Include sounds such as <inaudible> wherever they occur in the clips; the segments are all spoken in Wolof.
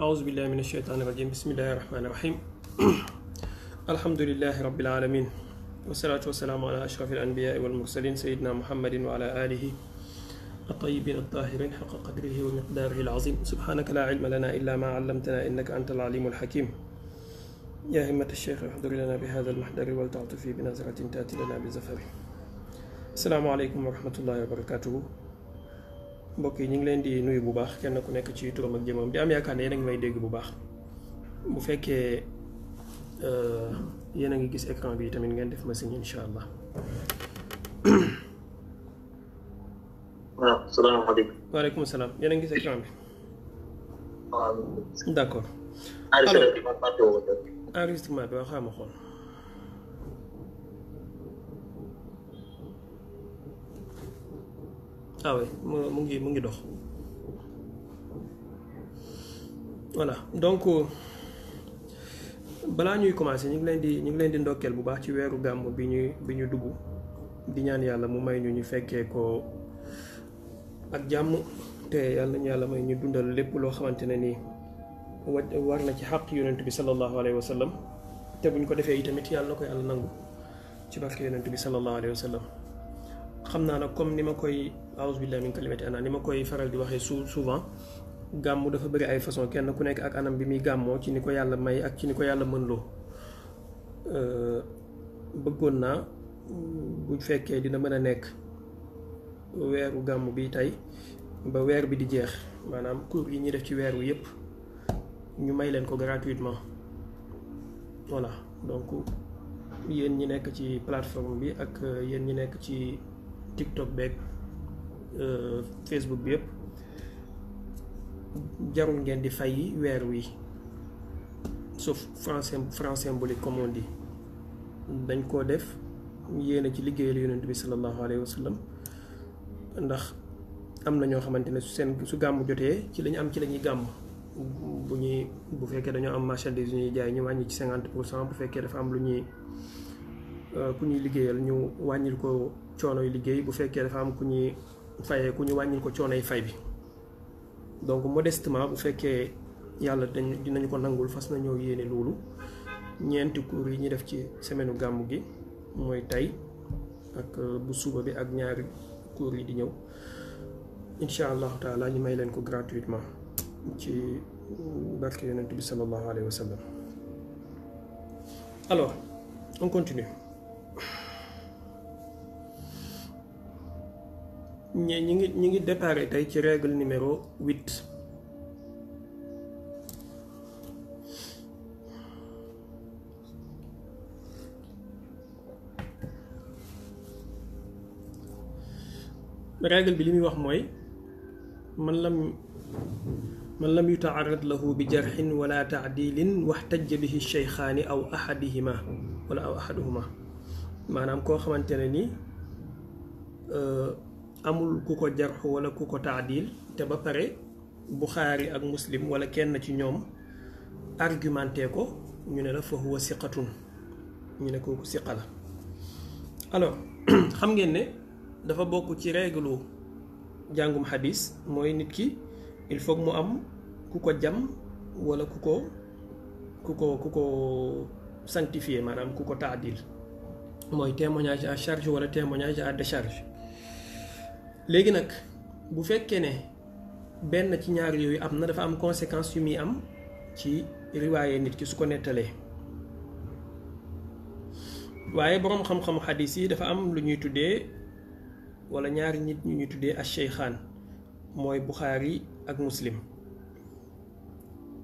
أعوذ بالله من الشيطان الرجيم بسم الله الرحمن الرحيم <clears throat> الحمد لله رب العالمين والصلاة والسلام على أشرف الأنبياء والمرسلين سيدنا محمد وعلى آله الطيبين الطاهرين حق قدره ومقداره العظيم سبحانك لا علم لنا إلا ما علمتنا إنك أنت العليم الحكيم يا همة الشيخ احضر لنا بهذا المحضر ولتعطفي بنظرة تأتي لنا بزفر السلام عليكم ورحمة الله وبركاته mbokk yi ñu ngi leen di nuyu bu baax kenn ku nekk ci turam ak jëmam di am yaakaar ne yéen a ngi may dégg bu baax bu fekkee euh, yéen a ngi gis écran bi tamit ngeen def ma signe incha allah. waaw salaamaaleykum. wa salaam yéen a ngi gis écran bi. waaw. d' accord. enregistrement bi waaw xaaral ma xool. waaw ah mu ngi mu ngi dox voilà donc euh, balaa ñuy commencer ñu ngi leen di ñu ngi leen di ndokkeel bu baax ci weeru gàmm bi ñuy bi ñu dugg di ñaan yàlla mu may ñu ñu fekkee ko ak jàmm te yàlla ñu yàlla may ñu dundal lépp loo xamante ne nii war na ci xàq yonent bi sallallahu alayhi wa sallam te buñ ko defee itamit yàlla na ko yàlla nangu ci barke yonent bi sallallahu alayhi wa xam naa nag comme ni ma koy. aouzu billahi min kalimati ana ni ma koy faral di waxee sou souvent gàmmu dafa bëri ay façon kenn ku nekk ak anam bi muy gàmmoo ci ni ko yàlla may ak ci ni ko yàlla mën loo euh, bëggoon naa bu fekkee dina mën a nekk weeru gàmmu bi tey ba weer bi di jeex maanaam cours yi ñuy def ci weer wi yëpp ñu may leen ko gratuitement voilà donc yéen ñi nekk ci platform bi ak euh, yéen ñi nekk ci TikTok beeg. Euh, Facebook bi yëpp jarul ngeen di fay weer wi sauf français français symbolique comme on dañ koo def yéene ci liggéeyal yonent bi sallallahu alayhi wa sallam ndax am na ñoo xamante ne su seen su gàmm jotee ci lañu am ci lañuy gàmm bu ñuy bu fekkee dañoo am marchandise yu ñuy jaay ñu wàññi ci cinquante pour cent bu fekkee dafa am lu ñuy euh, ku ñuy liggéeyal ñu wàññil ko coono yu liggéey bu fekkee dafa am ku ñuy fayee ku ñu wàññil ko coonoy fay bi donc modestement bu fekkee yàlla dañ dinañ ko nangul fas na nañoo yéene loolu ñeenti cours yi ñu def ci semaine gàmmu gi mooy tey ak euh, bu suba bi ak ñaari cours yi di ñëw incha allahu taala ñu may leen ko gratuitement ci barke yonent bi sallallahu alayhi wa sallam ñi ngi ñi ngi déparé tey ci règle numéro huit règle bi li muy wax mooy man lam man lam yutaarad lahu bi jarxin wala taadilin waxtajja bihi cheykhaani aw ahadihima wala aw ahaduhuma maanaam koo xamante ne ni euh, amul ku ko jarxu wala ku ko taadil te ba pare buxaari ak muslim wala kenn ci ñoom argumenté ko ñu ne la fa huwa siqatun ñu ne kooku siqa la alors <clears throat> xam ngeen ne dafa bokk ci règle jàngum xadis mooy nit ki il faut mu am ku ko jam wala ku ko ku ko ku ko sanctifié maanaam ku ko taadil mooy témoignage à charge wala témoignage à décharge léegi nag bu fekkee ne benn ci ñaari yooyu am na dafa am conséquence yu muy am ci riwaaye nit ki su ko nettalee waaye boroom xam-xamu xadis yi dafa am lu ñuy tuddee wala ñaari nit ñu ñuy tuddee ash-shaykhaan mooy buxaari ak muslim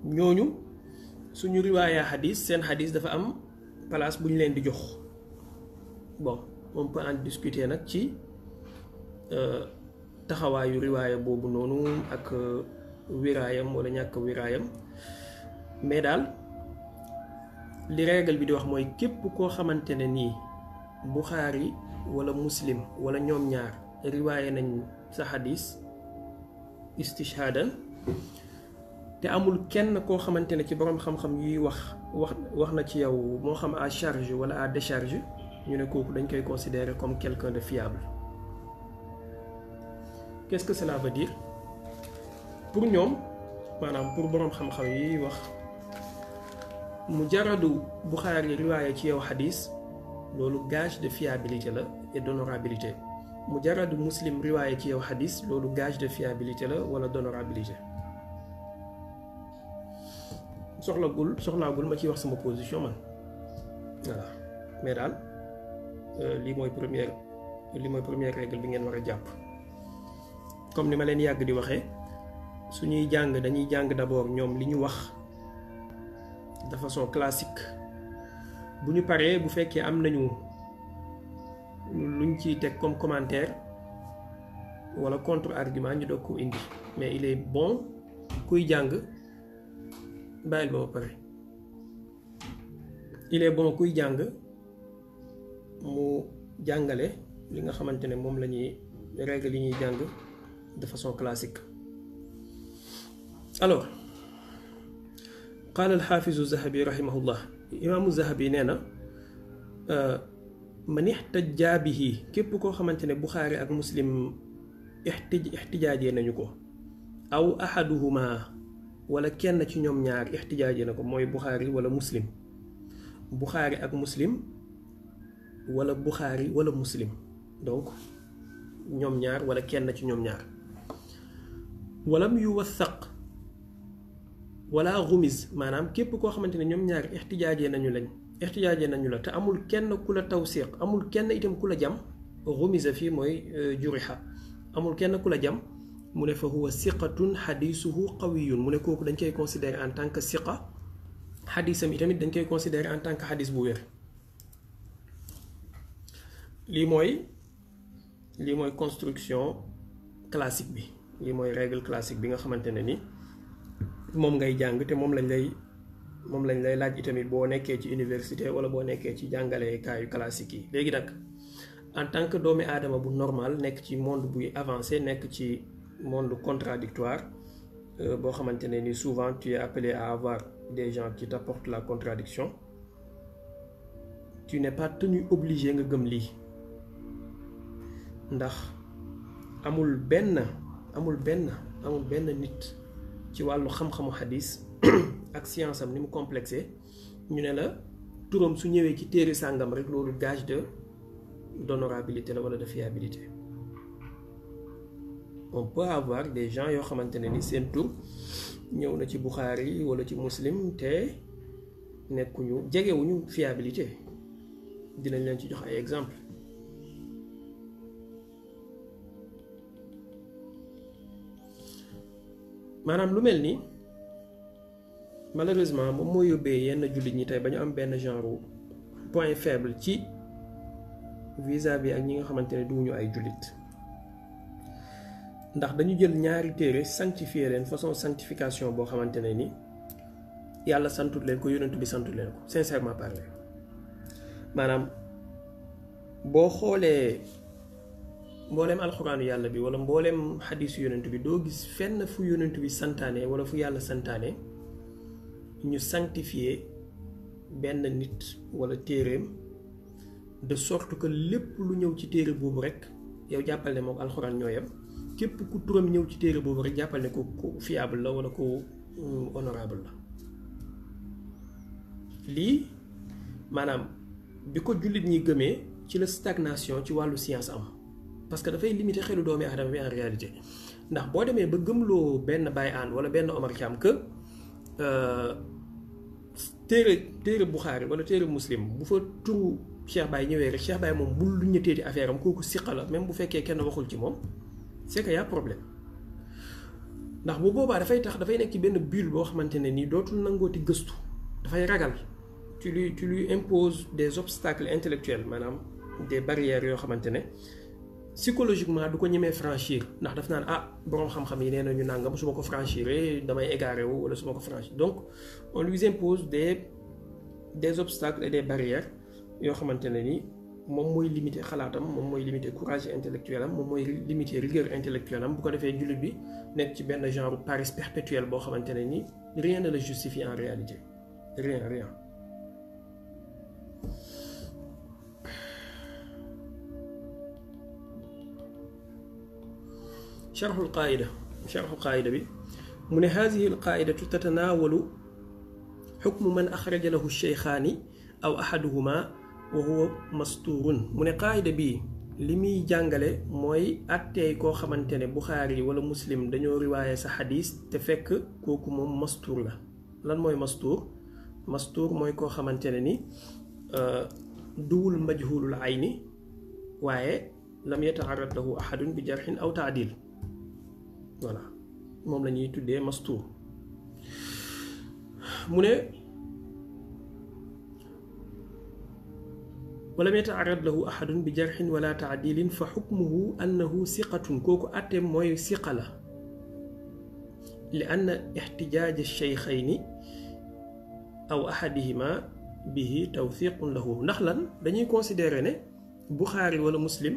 ñooñu suñu riwaaya xadis seen xadis dafa am place bu ñu leen di jox bon on peut discuter nag ci euh, taxawaayu riwaaya boobu noonu ak euh, wiraayam wala ñàkk wiraayam mais daal li règle bi di wax mooy képp koo xamante ne nii buxaari wala muslim wala ñoom ñaar riwaaye nañ sa xadis istishaadan te amul kenn koo xamante ne ci boroom xam-xam yuy wax wax wax na ci yow moo xam à charge wala à décharge ñu ne kooku dañ koy considérer comme quelqu'un de fiable qu'est-ce que cela veut dire pour ñom manam pour borom xam-xam yi wax jaradu bukhari riwaya ci yow hadith lolu gage de fiabilité la et d'honorabilité jaradu muslim riwaya ci yow hadith lolu gage de fiabilité la wala d'honorabilité soxlagul soxlaagul ma ci wax sama position man voilà mais daal euh, li moy première li moy première règle bi ngeen wara japp comme ni ma leen yàgg di waxee suñuy jàng dañuy jàng d'abord ñoom li ñu wax de façon classique bu ñu paree bu fekkee am nañu luñ ci teg comme commentaire wala contre argument ñu doog ko indi mais il est bon kuy jàng bàyyil ba pare il est bon kuy jàng mu jàngale li nga xamante ne moom la ñuy règle yi ñuy jàng de façon classique. Alors, قال الحافظ الذهبي رحمه الله إمام الذهبي نينا آه، من احتج به كيف كو خمانتني بخاري أك مسلم احتج احتجاجي نانيو أو أحدهما ولا كين ci نيوم ñaar احتجاجي نكو موي بخاري ولا مسلم بخاري أك مسلم ولا بخاري ولا مسلم دونك نيوم ñaar ولا كين ci نيوم ñaar ولم يوثق ولا غمز مانام كيب كو خامتيني نيوم نياار احتياجي نانيو لاج احتياجي نانيو لا تا امول كين كولا توثيق امول كين ايتم كولا جام غمز في موي آه، جوريحا امول كين كولا جام مو نفا هو ثقه حديثه قوي مو نكو كو دنجي كونسيدير ان تانك ثقه حديثم ايتم دنجي كونسيدير ان تانك حديث بوير لي موي لي موي كونستركسيون كلاسيك بي lii mooy règle classique bi nga xamante ne ni moom ngay jàng te moom lañ lay moom lañ lay laaj itamit boo nekkee ci université wala boo nekkee ci jàngalekaayu classique yi léegi nag en tant que doomi aadama bu normal nekk ci monde buy avancé nekk ci monde contradictoire euh, boo xamante ne ni souvent tu es appelé à avoir des gens qui t'apportent la contradiction tu n'es pas tenu obligé nga gëm lii ndax amul benn amul benn amul benn nit ci wàllu xam-xamu Hadis, <clears throat> ak science am ni mu complexé ñu ne la turam su ñëwee ci téere sàngam rek loolu gage de d'honorabilité la wala de fiabilité on peut avoir des gens yoo xamante ne ni seen tur ñëw na ci Bukhari wala ci muslim te nekkuñu jegewuñu fiabilité dinañ leen ci jox ay exemple Madame lu malheureusement moom moo yóbbee yenn genre point faible ci vis-à-vis ak ñi nga duñu ay ndax dañu jël ñaari façon sanctification ni yàlla santut leen ko yonent bi santut leen sincèrement mbooleem alxuraanu yàlla bi wala bi gis fu bi wala fu ñu nit wala de sorte que lépp lu ñëw ci téere boobu rek yow ne ku turam ci rek ne ko fiable la wala euh, honorable la lii maanaam la stagnation science parce que dafay limité xelu doomi aadama bi en réalité ndax boo demee ba gëmloo benn bay Hann wala benn Omar Thiam que euh, téere téere Buxaari wala téere muslim bu fa turu Cheikh Baye ñëwee rek Cheikh Baye moom bul lu ñu teeti affaire am kooku siqa la même bu fekkee kenn waxul ci moom c'est que y problème ndax bu boobaa dafay tax dafay nekk ci benn bulle boo xamante ne nii dootul nangooti gëstu dafay ragal tu lui tu lui imposes des obstacles intellectuels maanaam des barrières yoo xamante ne psychologiquement du ko ñemee franchir ndax daf naan ah boroom xam-xam yi nee nañu nangam su ma ko franchir damay égaré wu wala su ma ko franchir donc on lui impose des des obstacles et des barrières yoo xamante ne ni moom mooy limiter xalaatam moom mooy limiter courage intellectuel am moom mooy limiter rigueur intellectuelle am bu ko defee julit bi nekk ci benn genre Paris perpétuel boo xamante ne ni rien ne le justifie en réalité rien rien. charxul qaayida charxu qaayida bi mu ne haadihi alqaaidatu tatanaawalu xukmu man axraja lahu cheykhaani aw ahaduhuma wa masturun mu ne qaayida bi li muy jàngale mooy àtteey koo xamante ne buxaari wala muslim dañoo riwaaye sa xadis te fekk kooku moom mastuur la lan mooy mastuur mastuur mooy koo xamante ne ni euh, duwul ay ni waaye lam yataarad lahu ahadun bi jarxin aw taadil voilà moom la ñuy tuddee mastuur mu ne walam yataarad lahu ahadun bi jarxin wala taadilin fa xukmuhu annahu siqatun kooku atteem mooy siqa la li ann ixtijaaj alcheyxayni aw ahadihima bihi tawthiqun lahu ndax lan dañuy considérer ne buxaari wala muslim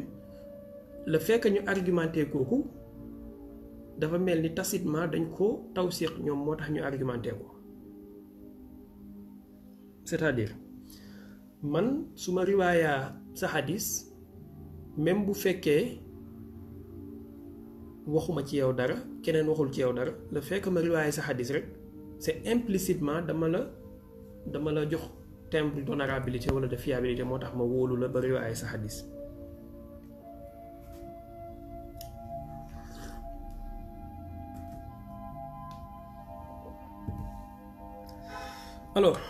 la fekk ñu argumenté kooku dafa mel ni tacitement dañ ko tawsiq ñoom moo tax ñu argumenté ko c'est-à-dire man su ma riwaayaa sa xadis même bu fekkee waxuma ci yow dara keneen waxul ci yow dara le fait que ma riwaayaa sa xadis rek c'est implicitement dama la dama la jox timbre d'honorabilité wala de fiabilité moo tax ma wóolu la ba riwaayaa sa xadis Alors, <clears throat>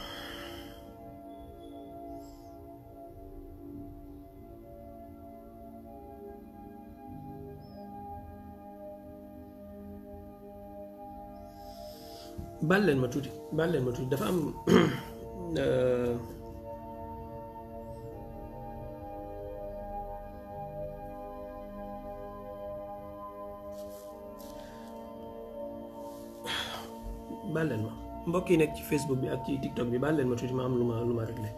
آه. ما تودي بله ما تودي دفعم بله ما mbokk yi nekk ci facebook bi ak ci tiktok bi baal leen ma tuuti ma am lu ma lu ma réglé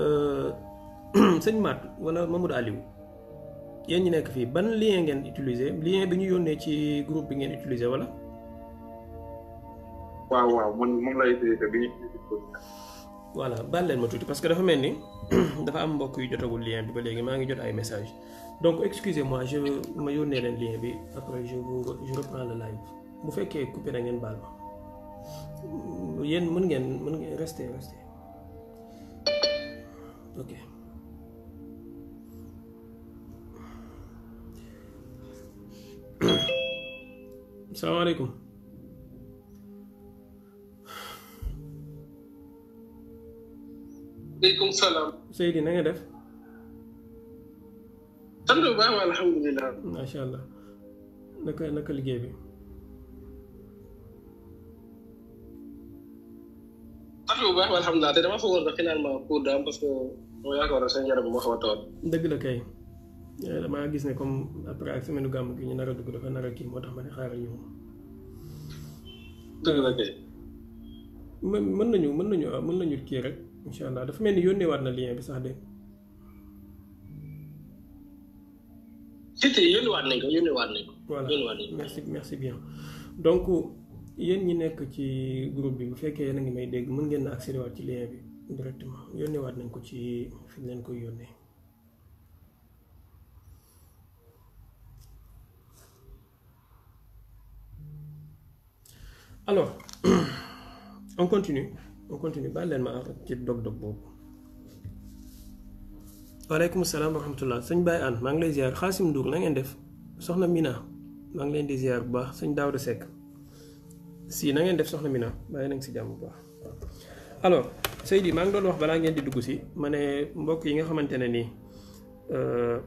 euh, <clears throat> sëñ Maat wala Mamadou Aliou yéen ñi nekk fii ban lien ngeen utiliser lien bi ñu yónnee ci groupe bi ngeen utiliser wala. waaw waaw man moom lay utiliser bi ñu. voilà baal leen ma tuuti parce que dafa mel ni <clears throat> dafa am mbokk yu jotagul lien bi ba léegi maa ngi jot ay message donc excusez moi je ma yónnee leen lien bi après je vous je reprends le live bu fekkee coupé na ngeen bal ma yéen mën ngeen mën ngeen resté resté ok <coughs> salaamaaleykum aleykum salaam Seydi na nga def sant bu baax alhamdulilah macha allah naka naka liggéey bi sant bu baax alhamdulilah te dama foogoon sax finalement pour daam parce que moo yaakaaroon seen yaram bi moo xaw a tawat. dëgg na kay damaa gis ne comme après ak semaine gàmm gi ñu nar a dugg dafa nar a kii moo tax ma ne xaaral ñu. dëgg la kay. mën mën nañu mën nañu ah, mën nañu kii rek incha allah dafa mel ni yónneewaat na lien bi sax de. si si yónneewaat nañ ko yónneewaat nañ ko. voilà merci merci bien donc. yéen ñi nekk ci groupe bi bu fekkee yéen a ngi may dégg mën ngeen na accéder ci lien bi directement yónnee nañ ko ci fi leen koy yónnee alors <clears throat> on continue on continue ba leen ma ak ci dog-dog boobu waaleykum salaam wa rahmatullah sëñ Baye Anne maa ngi lay ziar Xaasim Ndour na ngeen def soxna Mina maa ngi leen di ziar bu baax sëñ si na ngeen def soxna Mina bàyyi nañ si jàmm bu baax alors Seydi maa ngi doon wax balaa ngeen di dugg si ma ne mbokk yi nga xamante ne nii euh,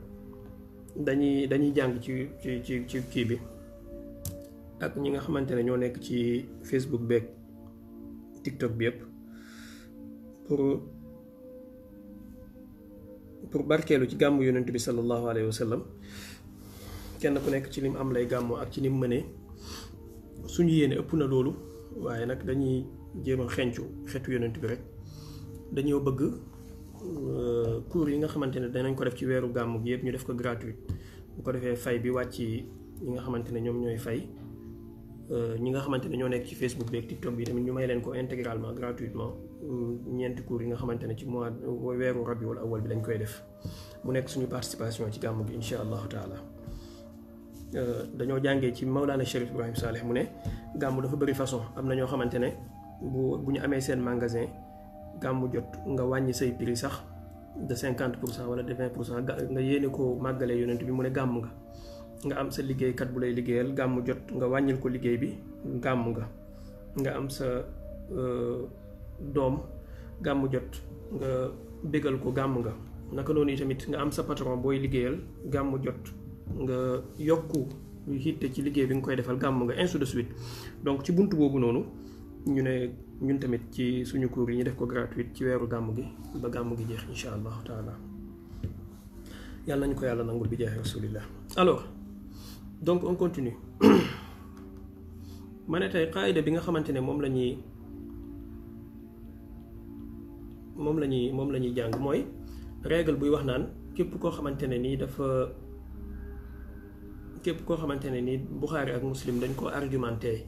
dañuy dañuy jàng ci ci ci ci kii bi ak ñi nga xamante ne ñoo ci Facebook beeg TikTok bi yëpp pour pour barkeelu ci gàmmu yonent bi sallallahu alayhi wa sallam kenn ku nekk ci lim am lay gàmmu ak ci lim mënee. suñu yéene ëpp na loolu waaye nag dañuy jéem a xencu xeetu bi rek dañoo bëgg euh, cours yi nga xamante ne danañ ko def ci weeru gàmmu gi yëpp ñu def ko gratuit bu ko defee fay bi wàcc ñi nga xamante ne ñoom ñooy fay euh, ñi nga xamante ñoo nekk ci Facebook bi ak TikTok bi tamit ñu may leen ko intégralement gratuitement ñeenti cours yi nga xamante ne ci mois weeru rabiul awal bi lañ koy def mu nekk suñu participation ci gàmmu gi incha allahu taala Euh, dañoo jàngee ci Maulana Chérif Ibrahim Saleh mu ne gàmm dafa bëri façon am na ñoo xamante ne bu bu ñu amee seen magasin gàmm jot nga wàññi say prix sax de cinquante pour cent wala de vingt pour cent yéene ko màggalee yonent bi mu ne gàmm nga nga am sa liggéeykat bu lay liggéeyal gàmm jot nga wàññil ko liggéey bi gàmm nga nga am sa euh, doom gàmm jot nga bégal ko gàmm nga naka noonu tamit nga am sa patron booy liggéeyal gàmmu jot nga yokku lu hitte ci liggéey bi nga koy defal gàmm nga ainsi de suite donc ci bunt boobu noonu ñu ne ñun tamit ci suñu cours yi ñu def ko gratuite ci weeru gàmm gi ba gàmm gi jeex incha allahu taala yàlla nañu ko yàlla nangul bi jeex rasulillah alors donc on continue <coughs> ma ne tey qaayida bi nga xamante ne moom la ñuy moom la ñuy moom la ñuy jàng mooy règle buy wax naan képp koo xamante ne nii dafa képp koo xamante ne ni Buxaari ak Muslim dañ ko argumenté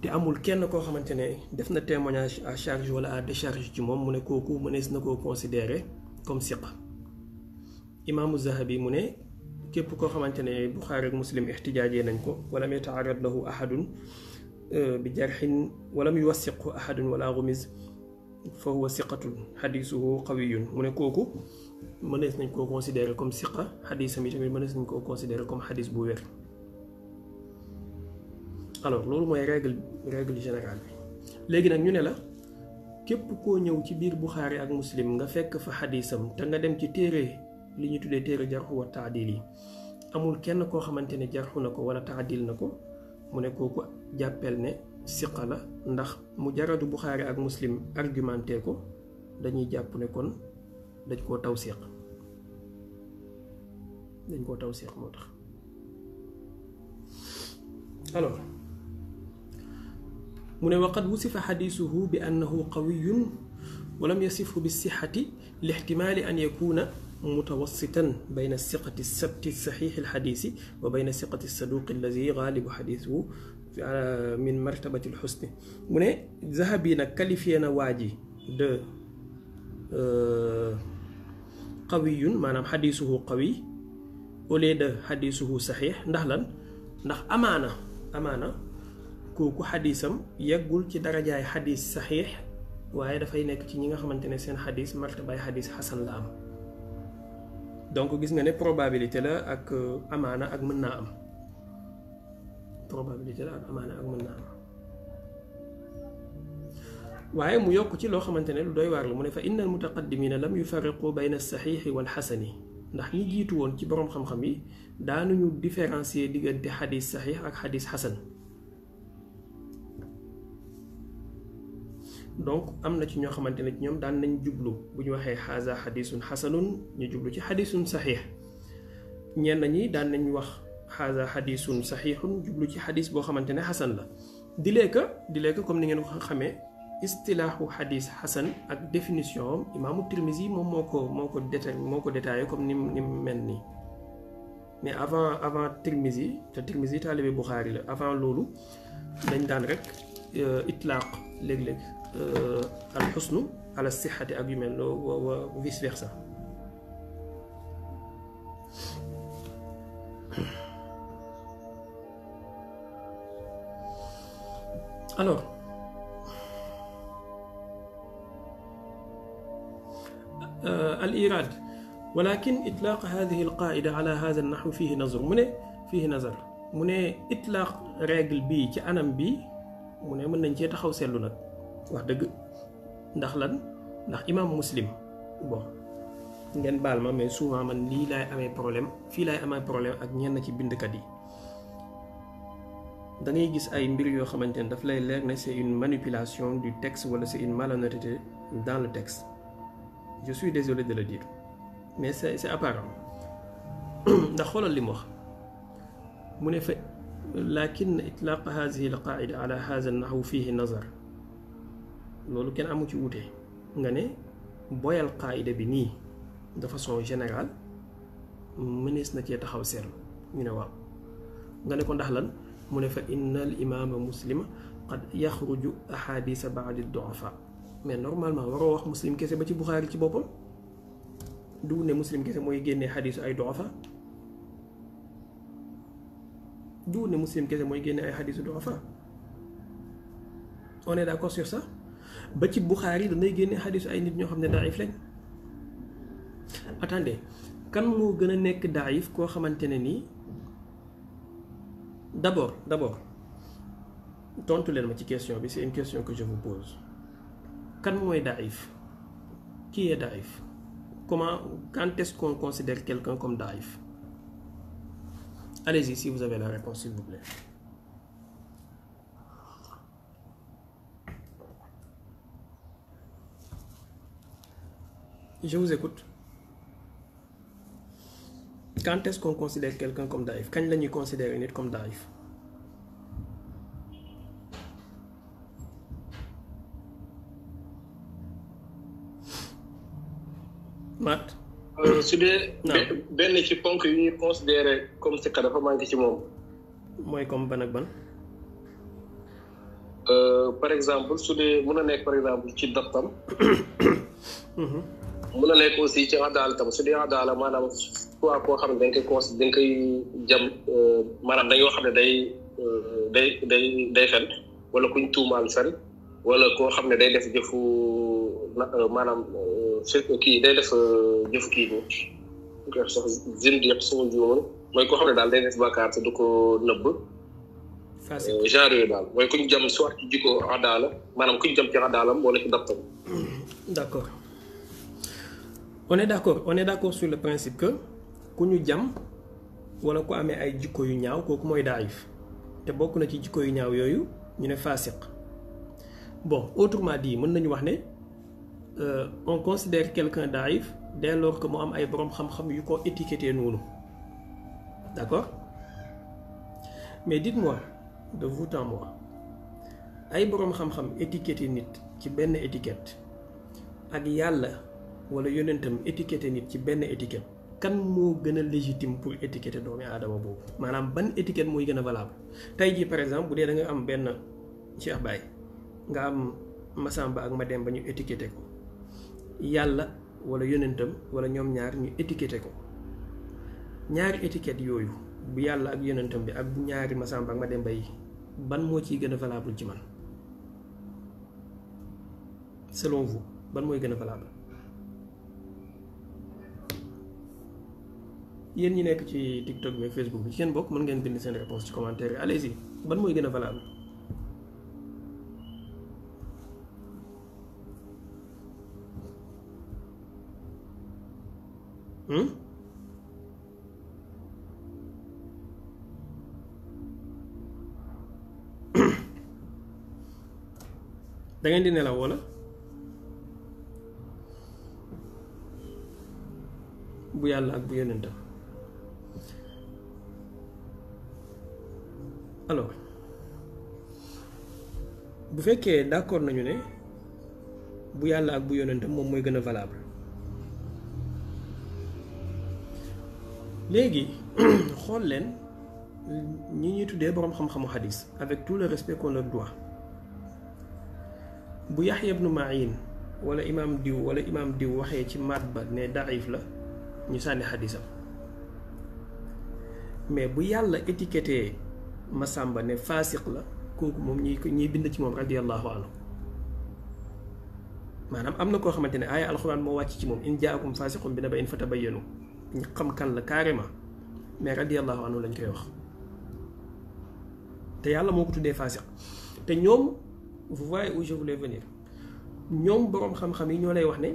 te amul kenn koo xamante ne def na témoignage à charge wala à charge ci moom mu ne kooku mënees na koo considéré comme siqa imaamu Zahabi mu ne képp koo xamante ne Buxaari ak Muslim ixtijaajee nañ ko walam yataarad lahu ahadun euh, bi jarxin walam yuwasiqu ahadun wala rumiz fa huwa siqatun xadiisuhu qawiyun mu ne kooku mënees nañ koo considérer comme siqa hadith yi tamit mënees nañ koo considérer comme hadith bu wér alors loolu mooy règle règle général bi léegi nag ñu ne la képp koo ñëw ci biir buxaari ak muslim nga fekk fa xadisam te nga dem ci téere li ñu tuddee téere jarxu wa taadil yi amul kenn koo xamante ne jarxu na ko wala taadil na ko mu ne kooku jàppeel ne siqa la ndax mu jaradu buxaari ak muslim argumenté ko dañuy jàpp ne kon dañ koo tawsiq dañ koo tawsiix moo tax alors mu ne waqad wusifa xadiisuhu bi annahu qawiyun ولم يصفه بالصحة لاحتمال أن يكون متوسطا بين الثقة السبت الصحيح الحديث وبين ثقة الصدوق الذي غالب حديثه من مرتبة الحسن من ذهب كلفينا واجي د قوي معنى حديثه قوي au lieu de sahih sahih ndax lan ndax amana amana koku haditham yeggul ci darajaay sahih waye da fay nek ci ñi nga xamantene ne seen xadis martabaay hadith hasan la am donc gis nga ne probabilité la ak euh, amana ak mën na am probabilité la ak amana ak mën na am waye mu yok ci lo xamantene lu doy war la mu ne fa innal mutaqaddimin lam yufarriqu bayna wal hasani ndax ñi jiitu woon ci boroom xam-xam yi daanuñu différencier diggante xadis saxiix ak xadis xasan donc am na ci ñoo xamante ne ci ñoom daan nañ jublu bu ñu waxee xaasa xadisun xasanun ñu jublu ci xadisun saxiix na ñi daan nañ wax xaasa xadisun saxiixun jublu ci xadis boo xamante ne xasan la di lekk di lekk comme ni ngeen ko xamee Istilahu hadith Hasan. ak définition imam mom moko moko moko comme ni mais avant avant tirmisi te avant lolu dañ dan rek leg al husnu ala la ak yu wa vice versa alors الإيراد ولكن إطلاق هذه القاعدة على هذا النحو فيه نظر من فيه نظر من إطلاق règle bii ci anam bi mu ne mën nañ cee taxaw seetlu nag wax dëgg ndax lan ndax imam muslim bon ngeen baal ma mais souvent man lii laay amee problème fii laay amee problème ak ñenn ci bindkat yi da ngay gis ay mbir yoo xamante ne daf lay leer ne c'est une manipulation du texte wala c'est une malhonnêteté dans le texte je suis désolé de le dire mais c'est c'est apparent ndax xoolal li mu wax mu ne fa lakin itlaaq hadihi al qaida ala hada al nahw fihi nazar loolu kenn amu ci wuute nga ne boyal qaida bi nii de façon générale mënees na cee taxaw seetlu ñu ne waaw nga ne ko ndax lan mu ne fa inna al imama muslima qad yaxruju ahadisa baadi duafa mais normalement waroo wax muslim kese ba ci ci boppam du ne muslim kese mooy ay ont du on est d'accord sur ça ba ci danay génne ay nit ñoo daif attendez kan vous gën a daif koo xamante ne d'abord d'abord tontu leen ma question c'est une question que je vous pose quand moi daif qui est daif comment quand est-ce qu'on considère quelqu'un comme daif allez-y si vous avez la réponse s'il vous plaît je vous écoute quand est-ce qu'on considère quelqu'un comme daif quand qu'on considère une comme daif Matt. Euh, su dee. <coughs> benn ci ponk yu ñuy considéré comme siqa dafa manqué ci moom. mooy comme ban ak ban. Euh, par exemple su dee mun a nekk par exemple ci daptam. <coughs> Mhm. mun a nekk aussi ci adaal tam su dee adaala maanaam soit koo xam ne dañ koy cons dañ koy jam euh, maanaam dañoo xam ne day day day day fen wala kuñ tuumaal fen wala koo xam ne day def jëfu maanaam. fekk kii day def euh, jëfu kii bi ko sax zim di yëpp sama juumal mooy koo xam ne daal day def bàkkaar te du ko nëbb euh, genre yooyu daal mooy ku ñu jam soit ci jikko adaala maanaam ku ñu jam ci adaalam wala ci daptam d'accord on est d'accord on est d'accord sur le principe que ku ñu jam wala ku amee ay jikko yu ñaaw kooku mooy daayif te bokk na ci jikko yu ñaaw yooyu ñu ne faasiq bon autrement dit mën nañu wax ne euh, on considère quelqu'un daif dès lors que mu am ay borom xam-xam yu ko étiqueté noonu d'accord mais dites-moi de vous en moi ay borom xam-xam étiqueté nit ci benn étiquette ak yàlla wala yonentam étiqueté nit ci benn étiquette kan moo gën a légitime pour étiqueter doomi aadama boobu maanaam ban étiquette mooy gën a valable tey jii par exemple bu dee da nga am benn Cheikh Baye nga am Massamba ak Mademba ñu étiqueté ko yàlla wala yonentam wala ñoom ñaar ñu étiqueté ko ñaari étiquette yooyu bu yàlla ak yonentam bi ak ñaari ñaari Masamba ak Mademba yi ban moo ciy gën a valable ci man selon vous ban mooy gën a valable yéen ñi nekk ci TikTok bi ak Facebook bi ci seen bokk mën ngeen bind seen réponse ci commentaire allez-y ban mooy gën a valable Hmm? <clears throat> da di nelaw wala bu yàlla ak bu yonentam alors bu fekkee d'accord nañu ne bu yàlla ak bu yonentam moom mooy gën a valable léegi <clears throat> xool leen ñi ñuy tuddee boroom xam-xamu xadis avec tout le respect qu'on leur doit bu Yaxya ibnu Ma'in wala imaam diw wala imaam diw waxee ci maat ba ne daif la ñu sànni xadisam mais bu yàlla étiqueté Masamba ne faasiq la kooku moom ñuy ñuy bind ci moom radiallahu anhu maanaam am na koo xamante ne aaya alxuraan moo wàcc ci moom in jaakum faasiqum bi na ba in fatabayyanu ñu xam kan la carrément mais radi allahu anhu lañ koy wax te yàlla moo ko tuddee faasiq te ñoom vous voyez où je voulais venir ñoom borom xam-xam yi ñoo lay wax ne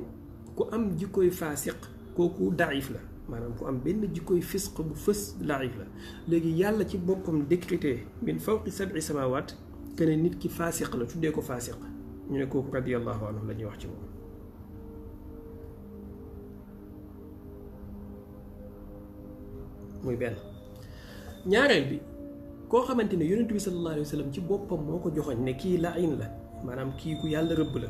ku am jikkoy faasiq kooku daif la maanaam ku am benn jikkoy fisq bu fës daif la léegi yàlla ci boppam décrété min fawqi sab'i samawat que ne nit ki faasiq la tuddee ko faasiq ñu ne kooku allahu anhu la ñuy wax ci moom muy benn ñaareel bi koo xamante ne yonent bi sallallahu alayhi wa sallam ci boppam moo ko joxoñ ne kii laayin la maanaam kii ku yàlla rëbb la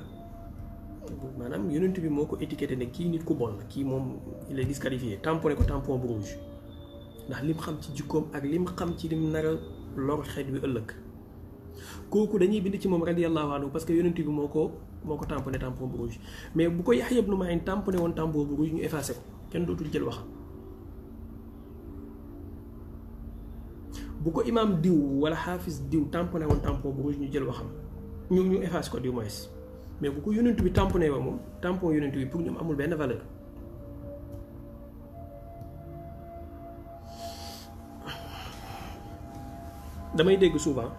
maanaam yonent bi moo ko étiqueté ne kii nit ku bon kii moom il est disqualifié tamponné ko tampon bu ndax lim xam ci jikkoom ak lim xam ci lim nar a lor xeet wi ëllëg kooku dañuy bind ci moom radiyallahu anhu parce que yonent bi moo ko moo ko tamponné tampon bu rouge mais bu ko Yaxya ibnu Maïn tamponné woon tampon bu rouge ñu bu ko imaam diw wala xaafis diw tamponné woon tampon bu ñu jël waxam ñu ñu efface ko du mais bu ko yonent bi tamponné wa moom tampon yonent bi pour ñoom amul benn valeur damay dégg souvent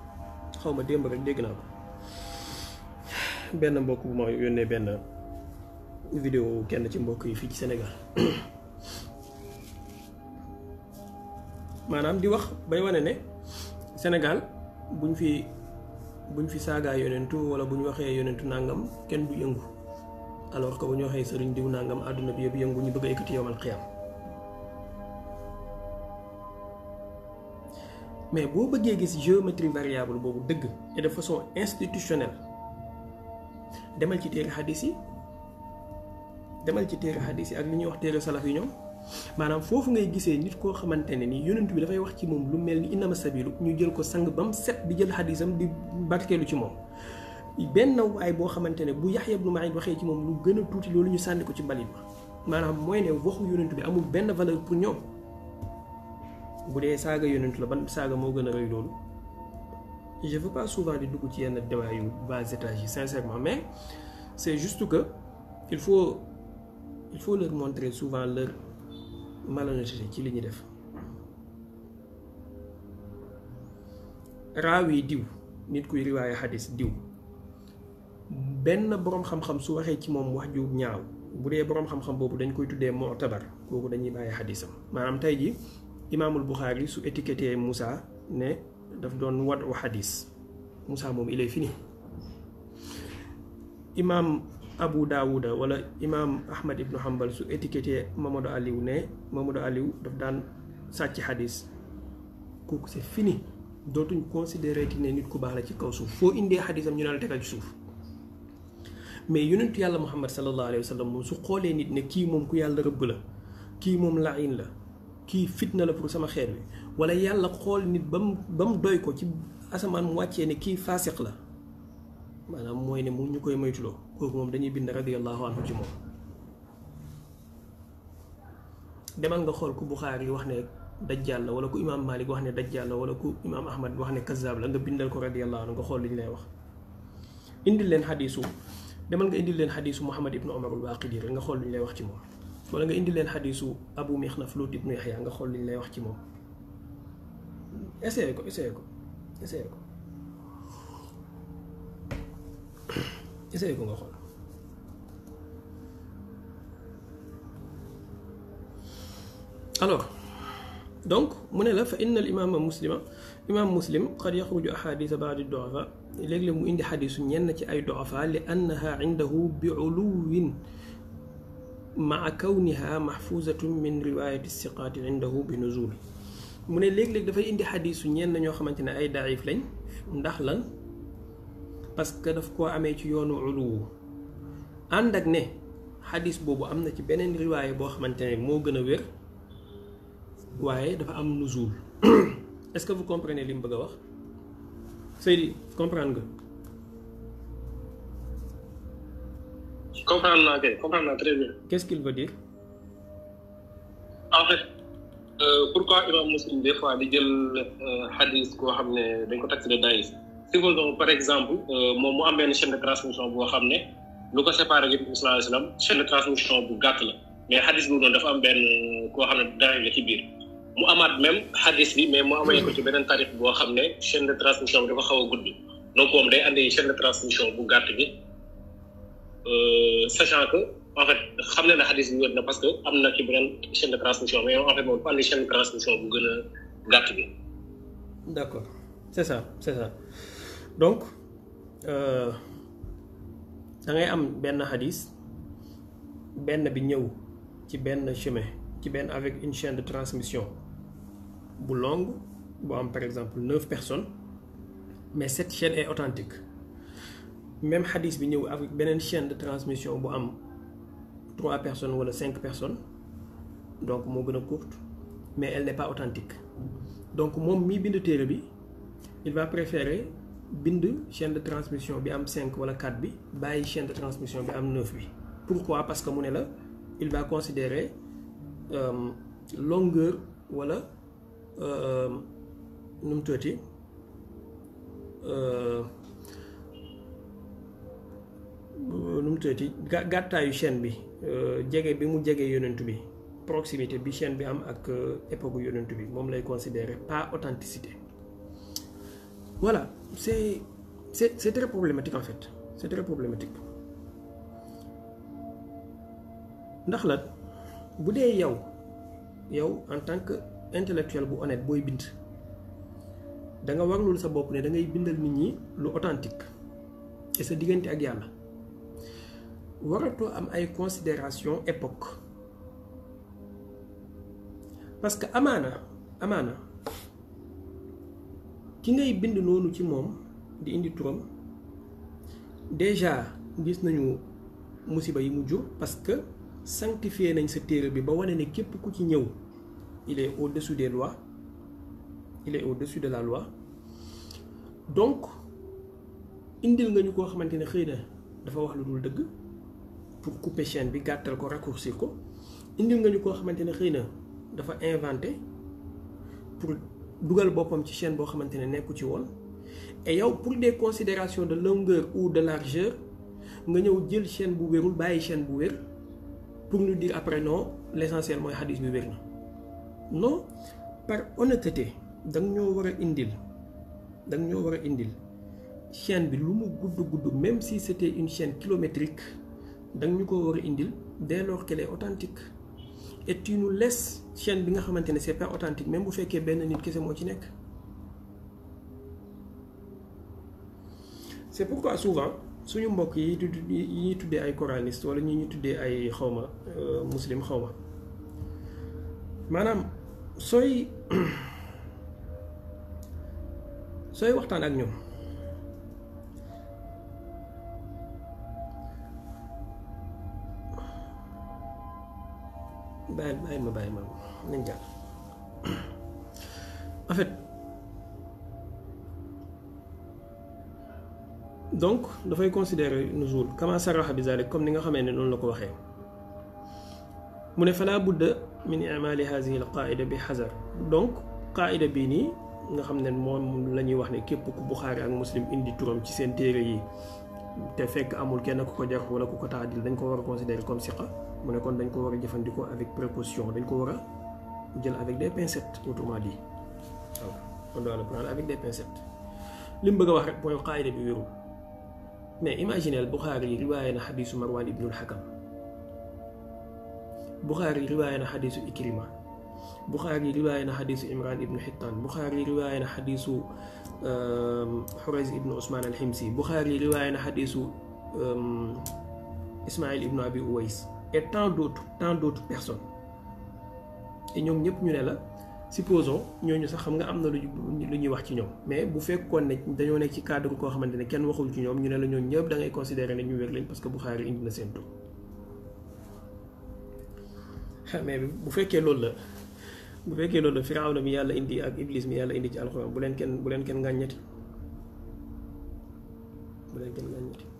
xaw ma démb rek dégg naa ko benn mbokk bu ma yónnee benn vidéo kenn ci mbokk yi fii ci Sénégal maanaam di wax bay wane ne Sénégal buñ fi buñ fi saagaa yonentu wala buñ waxee yonentu nangam kenn du yëngu alors que buñ waxee sëriñ diw nangam àdduna bi yëpp yëngu ñu bëgg a yëkkati yowmal xiyam mais boo bëggee gis géométrie variable boobu dëgg et de façon institutionnelle demal ci téere yi demal ci téere xadis yi ak li wax téere salaf yi ñoom manam fofu ngay gisee nit koo xamantene ni yonent bi dafay wax ci moom lu mel ni innama sabilu ñu jël ko sang bam set di jël xadisam di barkeelu ci moom benn waay boo xamante ne bu Yaxya ibnu Maïn waxee ci moom lu gën a tuuti loolu ñu sànni ko ci mbalit ma maanaam mooy ne waxu yonent bi amul benn valeur pour ñoom bu dee saaga yonent la ban saaga moo gën a rëy loolu je veux pas souvent di dugg ci yenn débat yu bas étage yi sincèrement mais c'est juste que il faut il faut leur montrer souvent leur malhonnêteté ci li ñu def raawi diw nit kuy riwaaye xadis diw benn boroom xam-xam su waxee ci moom wax ju ñaaw bu dee boroom xam-xam boobu dañ koy tuddee mu'tabar kooku dañuy bàyyi xadisam maanaam tey ji imaamul Buxaari su étiqueté Moussa ne daf doon wadu xadis Moussa moom il est fini imaam Abu Daawuda wala imaam Ahmad ibnu Hanbal su étiqueté momado Aliou ne Mamadou Aliou daf daan sàcc xadis kooku si fini dootuñ considéré ki ne nit ku baax la ci kaw suuf foo indee xadisam ñu naan la tegal ci suuf mais yonentu yàlla Muhammad sallallahu alayhi wa sallam su xoolee nit ne kii moom ku yàlla rëbb la kii moom laayin la kii fitna la pour sama xeet wi wala yàlla xool nit ba mu ba mu doy ko ci asamaan mu wàccee ne kii faasiq la maanaam mooy ne mu ñu koy moytuloo kooku moom dañuy bind radiallahu anhu ci moom demal nga xool ku Buxaari yi wax ne dajjal la wala ku imaam Malik wax ne dajjal la wala ku imaam Ahmad wax ne kazaab la nga bindal ko radiallahu anhu nga xool li ñu lay wax indi leen xadiisu demal nga indi leen xadiisu Muhammad ibnu Omar al Waaqidi rek nga xool li ñu lay wax ci moom wala nga indil leen xadiisu Abu Mixnaf Lut ibnu Yaxya nga xool li ñu lay wax ci moom essayé ko essayé ko إزاي يكون غفار ألوغ دونك من لا فإن الإمام مسلم إمام مسلم قد يخرج أحاديث بعد الضعفاء لأجل عند حديث ينك أي ضعفاء لأنها عنده بعلو مع كونها محفوظة من رواية الثقات عنده بنزول من لك لك دا فاي اندي حديث نين نيو خامتني اي ضعيف لاني نداخ لان parce que daf koo amee ci yoonu ulu ànd ak ne hadith bobu amna ci benen riwaya bo xamante mo gëna wér waye dafa am nuzul est-ce que vous comprenez li mu bëgg wax Seydi comprendre nga. comprendre na ke comprendre na très bien. qu'est-ce qu'il veut dire. en fait pourquoi imam muslim des fois di jël hadith ko xamné dañ ko tax ci daïs. secondo par exemple moom mu am benn chaîne de transmission boo xam ne lu ko séparé ak yonent bi sallallahu alayhi wa sallam chaîne de transmission bu gàtt la mais xadis boobu noonu dafa am benn koo xam ne daif la ci biir mu amaat même xadis bi mais mu amee ko ci beneen tarif boo xam ne chaîne de transmission bi dafa xaw a gudd donc moom day andi chaîne de transmission bu gàtt bi sachant que en fait xam na ne xadis bi wér na parce que am na ci beneen chaîne de transmission mais en fait moom dafa andi chaîne de transmission bu gën a gàtt bi. d' accord c' est ça c' est ça. donc quand euh, ngay am benn hadis benn bi ñëw ci benn chemin avec une chaîne de transmission bu longue par exemple neuf personnes mais cette chaîne est authentique même hadis bi ñëw avec beneen chaîne de transmission bu am trois personnes wala cinq personnes donc moo gën courte mais elle n'est pas authentique donc mon mii bind téere il va préférer bind chaîne de transmission bi am 5 wala 4 bi bàyyi chaîne de transmission bi am 9 bi pourquoi parce que mu ne la il va considérer euh, longueur wala euh, nu mu tuuti euh, nu mu tuuti gàttaayu chaîne bi jege bi mu jege yonent bi proximité bi chaîne bi am ak époque yonent bi moom lay considérer pas authenticité voilà c'est, c'est très problématique en fait. C'est très problématique. ndax la bu dee yow yow en tant que intellectuel bu honnête booy bind da nga warlul sa bopp ne da ngay bindal nit ñi lu authentique et sa diggante ak yàlla waratoo am ay considération époque parce que amaana amaana ki bind noonu ci moom di indi déjà gis nañu musiba yi parce que sanctifié nañ sa téere bi ba képp ku ci il est au-dessus des lois il est au-dessus de la loi donc indil nga ñu koo xamante pour couper chaîne bi gàttal ko raccourcir ko indil nga ñu nous dafa pour dugal boppam ci chaîne bo xamantene ne nekku ci woon et yow pour des considérations de longueur ou de largeur nga ñëw jël chaîne bu wérul bàyyi chaîne bu wér pour nous dire après non l'essentiel mooy hadith bi wér na non par honnêteté da nga ñoo war a indil da nga ñoo war a indil chaîne bi lu mu gudd gudd même si c'était une chaîne kilométrique da nga ñu ko war a indil dès lors qu'elle est authentique et tu nous laisses chaîne bi nga xamante ne c'est pas authentique même bu fekkee benn nit kese moo ci nekk c'est pourquoi souvent suñu mbokk yi tudd yi ñuy tuddee ay coraniste wala ñu ñuy tuddee ay xawma euh, muslim xawma maanaam sooy <clears throat> sooy waxtaan ak ñoom bàyyi bàyyi ma bàyyi ma nañ jàll donc dafay considérer nuzul kama sarraxa bi zalik comme ni nga xamee ne noonu la ko waxee mu ne fala budda min imali hadihi al qaida bi xazar donc qaida bii nii nga xam ne moom la ñuy wax ne képp ku buxaari ak muslim indi turam ci seen téere yi te fekk amul kenn ku ko jar wala ku ko taadil dañ ko war a considérer comme siqa mu ne kon dañ ko war a jëfandikoo avec précaution dañ ko war jël avec des pincettes autrement dit donc on doit le avec des pincettes li mu bëgg a wax rek mooy qaayida bi wérul mais imaginez Buxaari riwaaye na xadiisu Marwaan ibnul Xakam Buxaari riwaaye na xadiisu Ikrima Buxaari riwaaye na xadiisu Imran ibnu Xittaan Buxaari riwaaye na xadiisu euh, Xurayz ibnu Usmaan al-Himsi Buxaari riwaaye na xadiisu euh, Ismaïl ibnu Abi Uways et tant d'autres tant d'autres te ñoom ñëpp ñu ne la supposons ñooñu sax xam nga am na lu lu ñuy wax ci ñoom mais bu fekkoon ne dañoo nekk ci cadre koo xamante ne kenn waxul ci ñoom ñu ne la ñoom ñëpp da ngay considérer ne ñu wér lañ parce que Buxaari indi na seen tur mais bu fekkee loolu la bu fekkee loolu la mi yàlla indi ak Iblis mi yàlla indi ci alxuraan bu leen kenn bu leen kenn ngàññati bu leen kenn ngàññati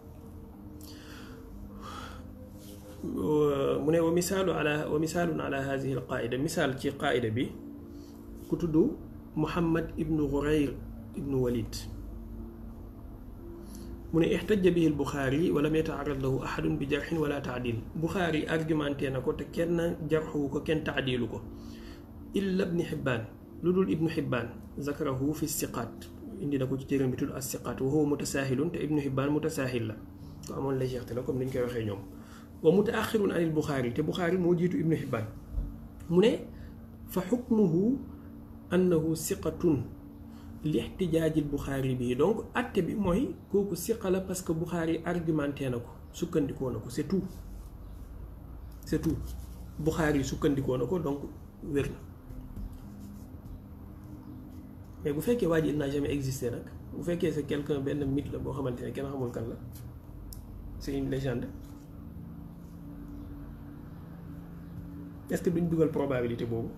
ومثال على ومثال على هذه القاعده مثال كي قاعده بي كتدو محمد ابن غرير ابن وليد من احتج به البخاري ولم يتعرض له احد بجرح ولا تعديل بخاري ارجمانتي نكو تكن جرحه كن تعديله الا ابن حبان لدول ابن حبان ذكره في الثقات عندي نكو تيري مثل الثقات وهو متساهل ابن حبان متساهل لا امون لي اختلاكم نين كي وخي ومتأخر عن البخاري il buxaari te buxaari moo jiitu ibnu xibbaan mu ne fa xukmuhu annahu siqatun li ixtijaaji buxaari bii donc atte bi mooy kooku siqa la parce que buxaari argumenté tout tout mais bu fekkee waa ji n'a jamais existé nag bu fekkee c' est quelqu'un benn mythe la boo xamante ne kenn xamul kan la c' est une légende est-ce que duñ dugal probabilité boobu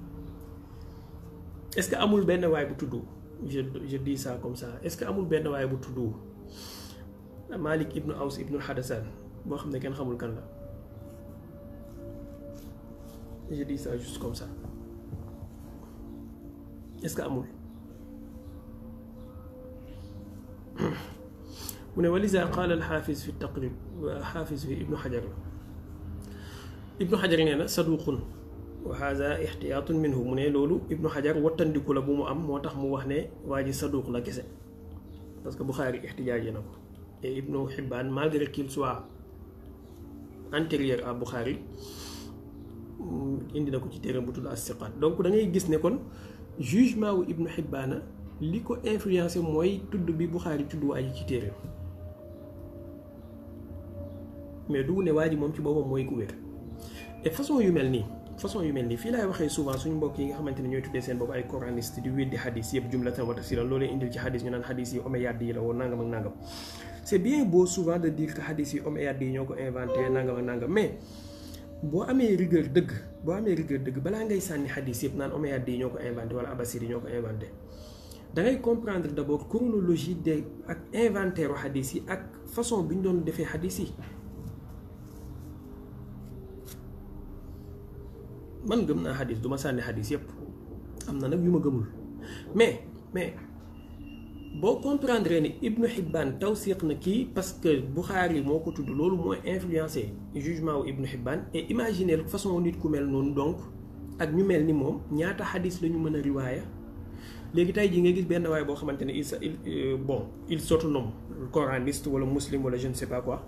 est-ce que amul benn waay bu tudd je je dis ça comme ça est-ce que amul benn waay bu tudd Malik ibnu Aws ibnu Hadasan boo xam ne kenn xamul kan la je dis ça juste comme ça est-ce que amul من ne قال الحافظ في التقريب حافظ في ابن حجر ابن حجر ibnu صدوق wa haza ixtiyaatun mu ne loolu ibnu xajar wottandiku la bu mu am moo tax mu wax ne waa ji saduq la kese parce que Buxaari ixtijaaje na ko et ibnu Xibbaan malgré qu'il soit antérieur à Buxaari indi na ko ci téere bu tudd as donc da gis ne kon jugement wu ibnu Xibbaana li ko influencé mooy tudd bi Buxaari tudd waa ci téere mais du ne waa ji moom ci boppam mooy ku wér façon yu mel nii façon yu mel ni fii laay waxee souvent suñu mbokk yi nga xamante ne ñooy tuddee seen boobu ay coraniste di weddi xadis yëpp jumlatan wa tafsilan loolee indil ci xadis ñu naan xadis yi omeyyade yi la woon nangam ak nangam c'est bien beau souvent de dire que xadis yi omeyyade yi ñoo ko inventé nangam ak nangam mais boo amee rigueur dëgg boo amee rigueur dëgg balaa ngay sànni xadis yëpp naan omeyyade yi ñoo ko inventé wala abasir yi ñoo ko inventé da ngay comprendre d'abord chronologie des ak inventaire u xadis yi ak façon bi ñu doon defee xadis yi man gëm naa xadis du ma sànni xadis yëpp am na nag gëmul mais mais boo comprendre ni Ibn Hibban tawsiq na parce que Buxaari moo ko influencé jugement wu Ibnu Hibban et imaginer façon nit ku mel noonu donc ak ñu mel ni moom ñaata xadis la ñu mën a riwaaya léegi tey nga gis benn waay il euh, bon il coraniste wala muslim wala je ne sais pas quoi.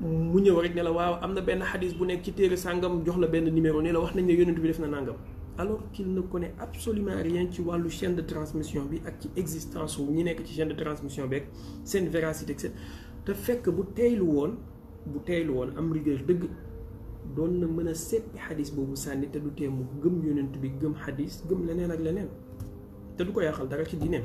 mu ñëw rek ne waaw am na benn xadis bu nekk ci téere sàngam jox la benn numéro ne wax nañ ne yonent bi def na nàngam na ko ne connaît absolument rien ci wàllu chaîne de transmission bi ak ci existence wu ñu nekk ci chaîne de transmission bi ak seen véracité et cetera te fekk bu teylu woon bu teylu woon am rigueur dëgg doon na mën a seppi xadis boobu sànni te du tee mu gëm yonent bi gëm xadis gëm leneen ak leneen te du ko yàqal dara ci diineem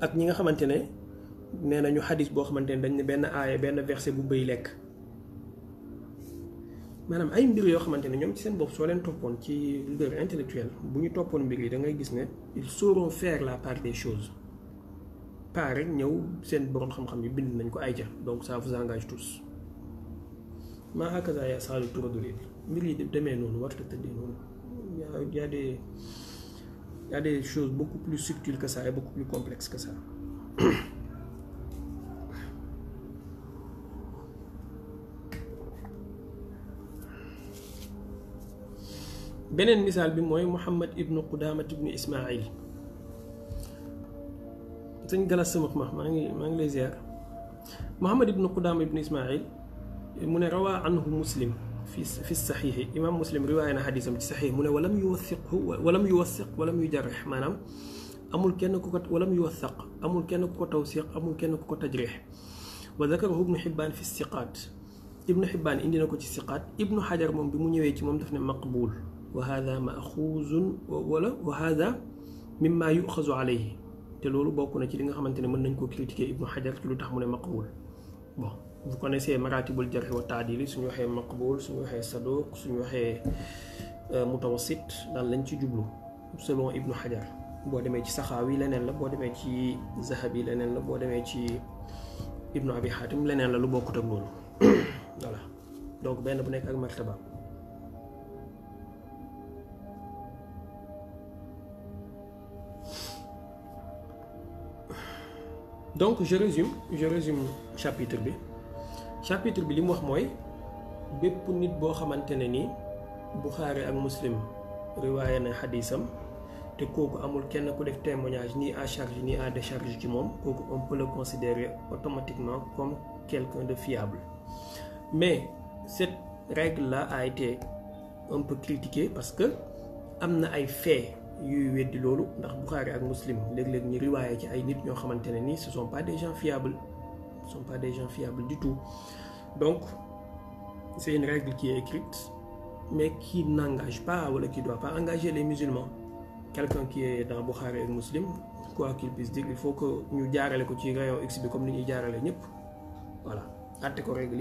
ak ñi nga xamante ne nee nañu xadis boo xamante ne dañ ne benn aaya benn verset bu bëy lekk maanaam ay mbir yoo xamante ne ñoom ci seen bopp soo leen toppoon ci leader intellectuel bu ñu toppoon mbir yi dangay gis ne ils sauront faire la part des choses pas ñëw seen borom xam-xam yi bind nañ ko ay ja donc ça vous engage tous maa hakaza ya saalu turadul mbir yi demee noonu warta tëddee noonu yaa yaa dee Il y a des choses beaucoup plus subtiles que ça et beaucoup plus complexes que ça. Un misal bi mooy Muhammad Ibn Qudaamat ibn ismail sëñ Galas sama ma maa ngi maa ngi lay ziar Muhammad ibnu qudama ibnu ismail mu ne anhu muslim في في الصحيح امام مسلم روينا حديثا في الصحيح من ولم يوثق ولم يوثق ولم يجرح ما نام امول كان ولم يوثق امول كان كو توثيق امول كان كو تجريح وذكره ابن حبان في الثقات ابن حبان عندنا كو في الثقات ابن حجر موم بمو نيوي تي موم دافني مقبول وهذا ماخوذ ولا وهذا مما يؤخذ عليه تي لولو بوكو نتي ليغا خامتني من نكو كريتيكي ابن حجر لوتاخ مو مقبول بون vous connaissez maratibul jarh wa taadili suñu waxee maqbul suñu waxee saduq suñu waxee mutawasit daal lañ ci jublu selon ibnu xajar boo demee ci saxaawi leneen la boo demee ci zahabi leneen la boo demee ci ibnu abi xaatim leneen la lu bokkut ak loolu voilà donc benn bu nekk ak martaba donc je résume je résume chapitre bi chapitre bi li mu wax mooy bépp nit boo xamante ne ni Buxaari ak Muslim riwaaye na xadisam te kooku amul kenn ku def témoignage ni à charge ni à décharge ci moom kooku on peut le considérer automatiquement comme quelqu'un de fiable mais cette règle là a été un peu critiquée parce que am na ay faits yuy weddi loolu ndax Buxaari ak Muslim léeg-léeg ñu riwaaye ci ay nit ñoo xamante ne ni ce sont pas des gens fiables ne sont pas des gens fiables du tout. Donc, c'est une règle qui est écrite, mais qui n'engage pas ou qui ne doit pas engager les musulmans. Quelqu'un qui est dans Bukhara et musulman, quoi qu'il puisse dire, il faut que nous disions les ci rayon comme nous Voilà, règle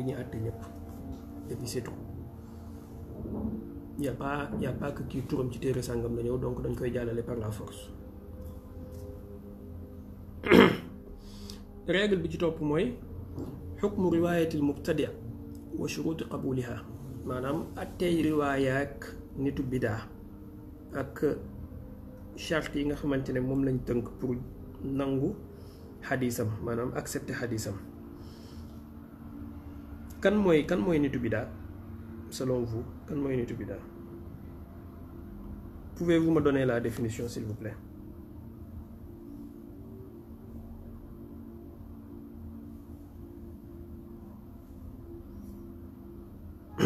Et puis c'est tout. Il n'y a, pas, il a pas que qui tourne ci terrain sangam la donc dañ koy par la force. <clears throat> règle bi ci topp mooy xukmu riwaayatil mubtadia wa shuruuti maanaam attey riwaaya nitu bidaa ak chart yi nga xamante ne moom lañ tënk pour nangu xadiisam maanaam accepté xadiisam kan mooy kan mooy nitu bidaa selon vous kan mooy nitu bidaa pouvez-vous ma donner la definition s'il vous <coughs>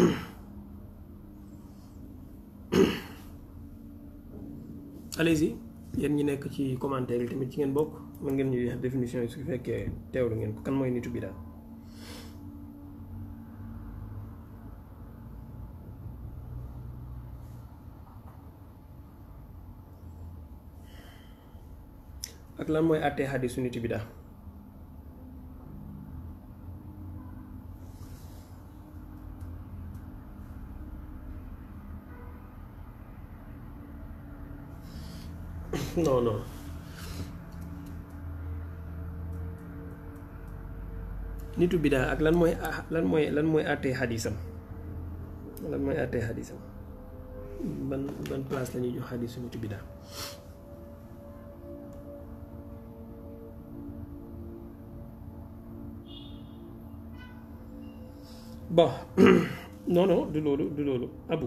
allez-y yéen ñi nekk ci commentaire yi tamit ci ngeen bokk mën ngeen ñuy wax yi su fekkee teewlu ngeen ko kan mooy nitu bidaa ak lan mooy àttee xadiisu nitu bidaa No, no. nitu bida ak lan moy lan moy lan moy até xadisam lan moy até xadisam ban ban place lañu ñuy jox xadisu nitu bida bon <coughs> non non du loolu du loolu abu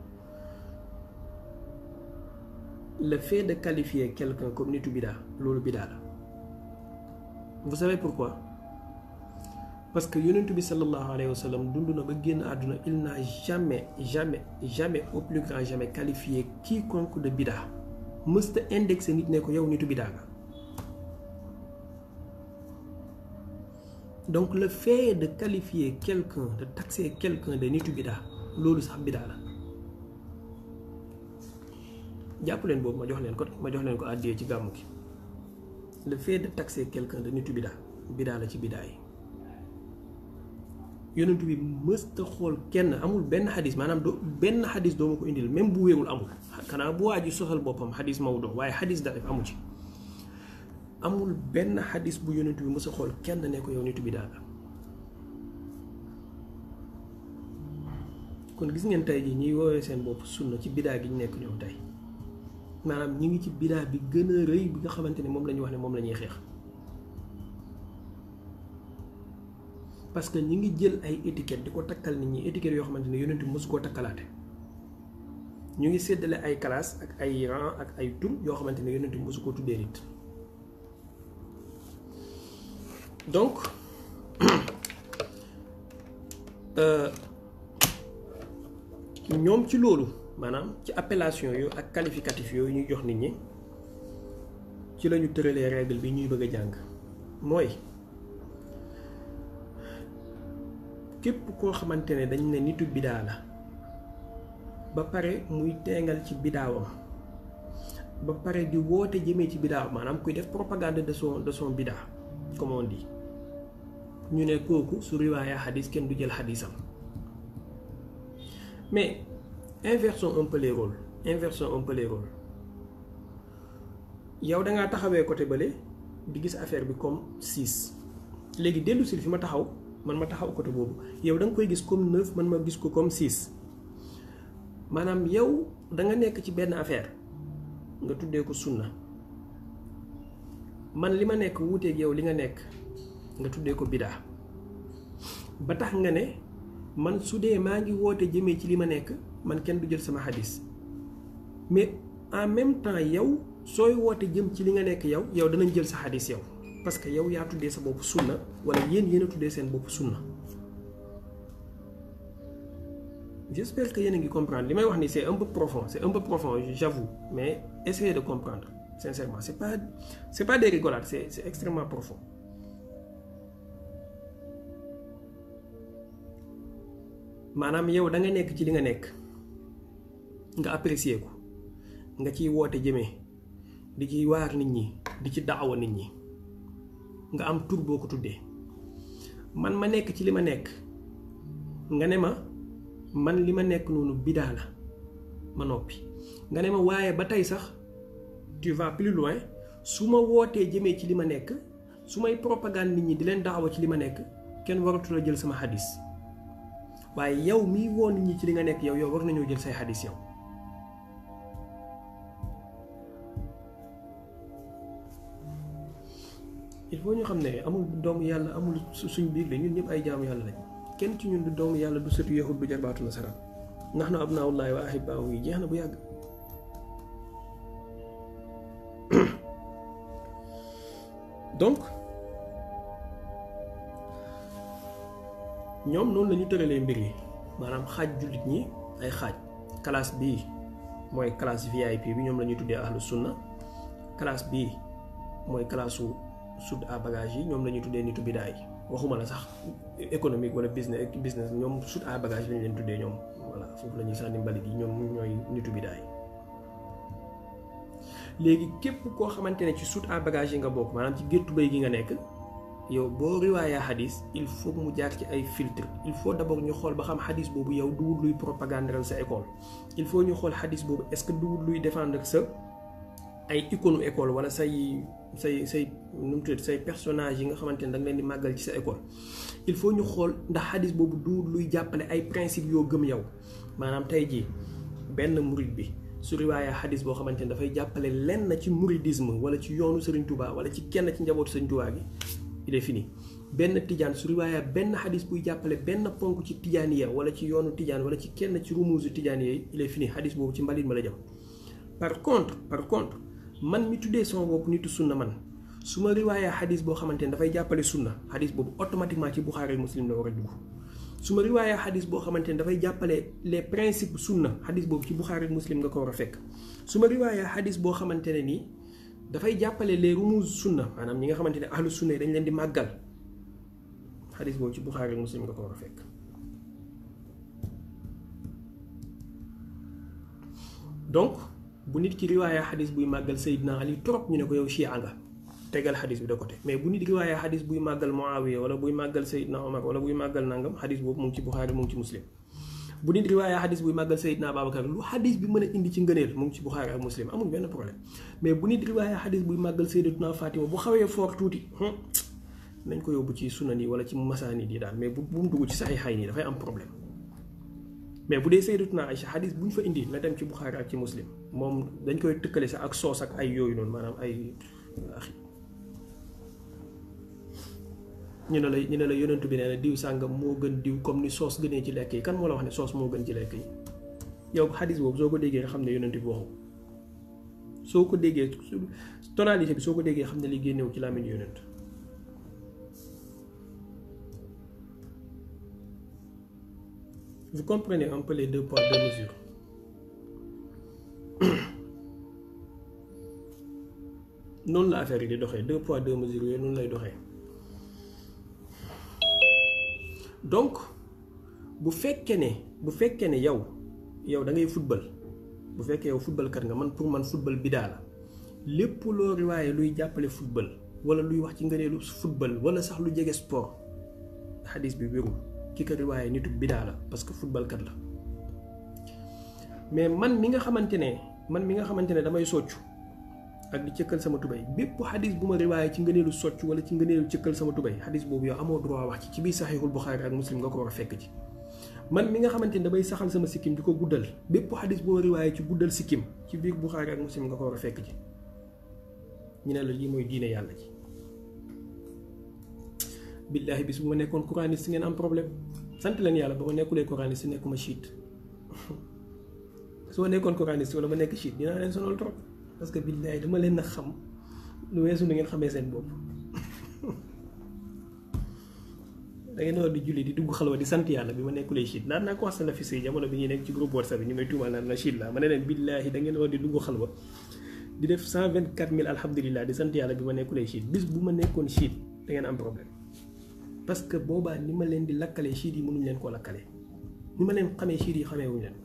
le fait de qualifier quelqu'un comme nitu Bida, loolu vous savez pourquoi parce que yonentu sallallahu alayhi wa sallam il n'a jamais jamais jamais au plus grand jamais qualifié quiconque de Il mësta indexé nitu donc le fait de qualifier quelqu'un de taxer quelqu'un de nitu Bida, loolu jàppaleen leen boobu ma jox leen ko ma jox leen ko àddiyee ci gàmmu gi le fait de taxer quelqu'un de nitu bidaa bidaa la ci bidaa yi yonent bi xool kenn amul benn xadis maanaam doo benn xadis doo ma ko indil même bu wéerul amul xanaa bu waa soxal boppam xadis mawdo waaye xadis daif amu ci amul benn xadis bu yonent bi mës a kenn ne ko yow nitu bidaa la tey ji ñuy woowee seen bopp sunna ci biddaa gi ñu nekk ñoom tey manam ñi ngi ci bidaa bi gën a rëy bi nga xamante ne moom la ñu wax ne moom la ñuy xeex parce que ñi ngi jël ay étiquette di ko takkal nit ñi étiquette yoo xamante ne yonent mosu koo takkalaate ñu ngi séddale ay classe ak ay rang ak ay tur yoo xamante ne yonent mosu koo tuddee nit donc euh, ñoom ci loolu maanaam ci appellation yooyu ak qualificatif yooyu ñuy jox nit ñi ci lañu ñu tëralee règle bi ñuy bëgg a jàng mooy képp koo xamante ne dañ ne nitu bidaa la ba pare muy tengal ci bidaawam ba pare di woote jëmee ci bidaawam maanaam kuy def propagande de son de son bidaa comme on ñu ne kooku su riwaaya xadis kenn du jël xadisam mais inversons un peu les rôles inversons un peu les rôles taxawee côté bale di gis affaire bi comme 6 léegi dellu fi ma taxaw man ma taxaw côté boobu yow da nga koy gis comme 9 man ma gis ko comme 6 maanaam yow da nga nekk ci benn affaire nga tuddee ko sunna man li ma nekk wuuteeg yow li nga nekk nga tuddee ko bidaa ba tax nga ne man su dee maa ngi woote jëmee ci li ma nekk. man kenn du jël sama hadith mais en même temps yow soy woote jëm ci li nga nek yow yow danañ jël sa hadith yow parce que yow ya tuddé sa bop sunna wala yeen yéen tuddé sen bop sunna j'espère que yeen ngi comprendre limay wax ni c'est un peu profond c'est un peu profond j'avoue mais essayez de comprendre sincèrement c'est pas c'est pas des rigolades c'est c'est extrêmement profond manam yow da nga nek ci li nga nek nga apprécier ko nga ci wote jeme di ci waar nit ñi di ci daawa nit ñi nga am tour boko tuddé man ma nek ci lima nek nga ne ma man lima nek nonu bidala manopi, ma nopi nga ne ma waaye ba tay sax tu vas plus loin suma wote jeme ci lima nek nekk propagande nit ñi di len daawa ci lima nek ken waratu la jël sama hadith waaye yow mi won nit ñi ci li nga nek yow yow war nañu jël say hadith yow il faut ñu xam ne amul doomu yàlla amul suñ biir de ñun ñëpp ay jaamu yàlla lañ kenn ci ñun du doomu yàlla du sëtu yahud du jarbaatu nasara ndax na ab naawullaay wa ahibaahu yi jeex na bu yàgg <coughs> donc ñoom noonu la ñu tëralee mbir yi maanaam xaaj jullit ñi ay xaaj classe bii mooy classe vip bi ñoom la ñuy tuddee ahlu sunna classe bii mooy classe soute à bagage yi ñoom la ñuy tuddee nitu bidaay waxuma la sax économique wala business business ñoom soute à bagage lañ leen tuddee ñoom voilà foofu la ñuy sànni mbalit yi ñoom ñooy nitu bidaay léegi képp koo xamante ne ci soute à bagage yi nga bokk maanaam ci géttu bay gi nga nekk yow boo riwaayaa xadis il faut mu jaar ci ay filtre il faut d' abord ñu xool ba xam xadis boobu yow duwul luy propagande sa école il faut ñu xool xadis boobu est ce que duwul luy défendre sa ay icône école wala say say say nu mu say personnage yi nga xamante ne da nga leen di màggal ci sa école il faut ñu xool ndax xadis boobu du luy jàppale ay principe yoo gëm yow maanaam tey jii benn murid bi su riwaaya xadis boo xamante ne dafay jàppale lenn ci mouridisme wala ci yoonu Serigne Touba wala ci kenn ci njabootu Serigne Touba gi il est fini benn tijaan su riwaaya benn xadis buy jàppale benn ponk ci tijaaniya wala ci yoonu tijaan wala ci kenn ci rumuusu tijaaniya il est fini xadis boobu ci mbalit ma la par contre par contre man mi tuddee sama bopp nitu sunna man su ma riwaayee xadis boo xamante ne dafay jàppale sunna xadis boobu automatiquement ci Buxaari muslim la a dugg su ma riwaayee xadis boo xamante ne dafay jàppale les principes sunna xadis boobu ci Buxaari muslim nga ko war a fekk su ma riwaayee xadis boo xamante ne nii dafay jàppale les rumuz sunna maanaam ñi nga xamante ne ahlu sunna yi dañ leen di màggal xadis boobu ci Buxaari muslim nga ko war a fekk bu nit ki riwaaya xadis buy màggal Seydina Ali trop ñu ne ko yow chia nga tegal xadis bi de côté mais bu nit riwaaya xadis buy màggal Muawiya wala buy màggal Seydina Omar wala buy màggal nangam xadis boobu mu ngi ci Buxaari mu ngi ci Muslim bu nit riwaaya xadis buy màggal Seydina Babacar lu xadis bi mën a indi ci ngëneel mu ngi ci Buxaari ak Muslim amul benn problème mais bu nit riwaaya xadis buy màggal Seydatuna Fatima bu xawee foor tuuti nañ ko yóbbu ci sunan yi wala ci masaanid yi daal mais bu mu dugg ci saxiixayn yi dafay am problème mais bu dee sayyidatuna Aïcha xadis bu ñu fa indi na dem ci Buxaari ak ci muslim moom dañ koy tëkkale sax ak soos ak ay yooyu noonu maanaam ay ah, ñu ne la ñu ne la yonentu bi nee na diw sàngam moo gën diw comme ni soos gënee ci lekk yi kan moo la wax ne soos moo gën ci lekk yi yow xadis boobu soo ko déggee nga xam ne yonentu bi waxu soo ko déggee tonalité bi soo ko déggee xam ne li génnewu ci làmmiñ yonent Vous comprenez un peu les deux poids, deux mesures. <coughs> Non la affaire de di deux poids deux mesures yooyu noonu lay doxee donc bu faites ne bu faites ne yow yow da ngay football bu fekkee yow footballkat nga man pour man football bi daal lépp loo riwaaye luy le football wala luy wax ci ngëneelu football wala sax lu jege sport Hadith, bi wérul ki ko riwaaye nitu bidaa la parce que footballkat la mais man mi nga xamante ne man mi nga xamante ne damay soccu ak di cëkkal sama tubay bépp xadis bu ma riwaaye ci ngëneelu soccu wala ci ngëneelu cëkkal sama tubay xadis boobu yow amoo droit wax ci ci biir saxiixul Buxaari ak muslim nga ko war a fekk ci man mi nga xamante ne damay saxal sama sikkim di ko guddal bépp xadis boo riwaaye ci guddal sikkim ci biir buxaari ak muslim nga ko war a fekk ñu ne la lii mooy diine yàlla ji billaahi bis bu ma nekkoon courant si ngeen am problème sant lan yàlla ba ma nekkulee coraniste nekkuma shit su ma nekkoon coraniste wala ma nekk shit dinaa leen sonal trop parce que billahi dama leen na xam lu weesu nu ngeen xamee seen bopp da ngeen war di julli di dugg xalwa di sant yàlla bi ma nekkulee chiite daan naa ko wax salafiste yi jamono bi ñuy nekk ci groupe WhatsApp bi ñu may tuumal naan la shit la ma ne leen billaay da ngeen war di dugg xalwa di def 124000 vingt di sant yàlla bi ma nekkulee chiite bis bu ma nekkoon shit da ngeen am problème parce que boobaa ni ma leen di lakkalee chiit yi mënuñ leen koo lakkale ni ma leen xamee chiit yi xamee wuñ leen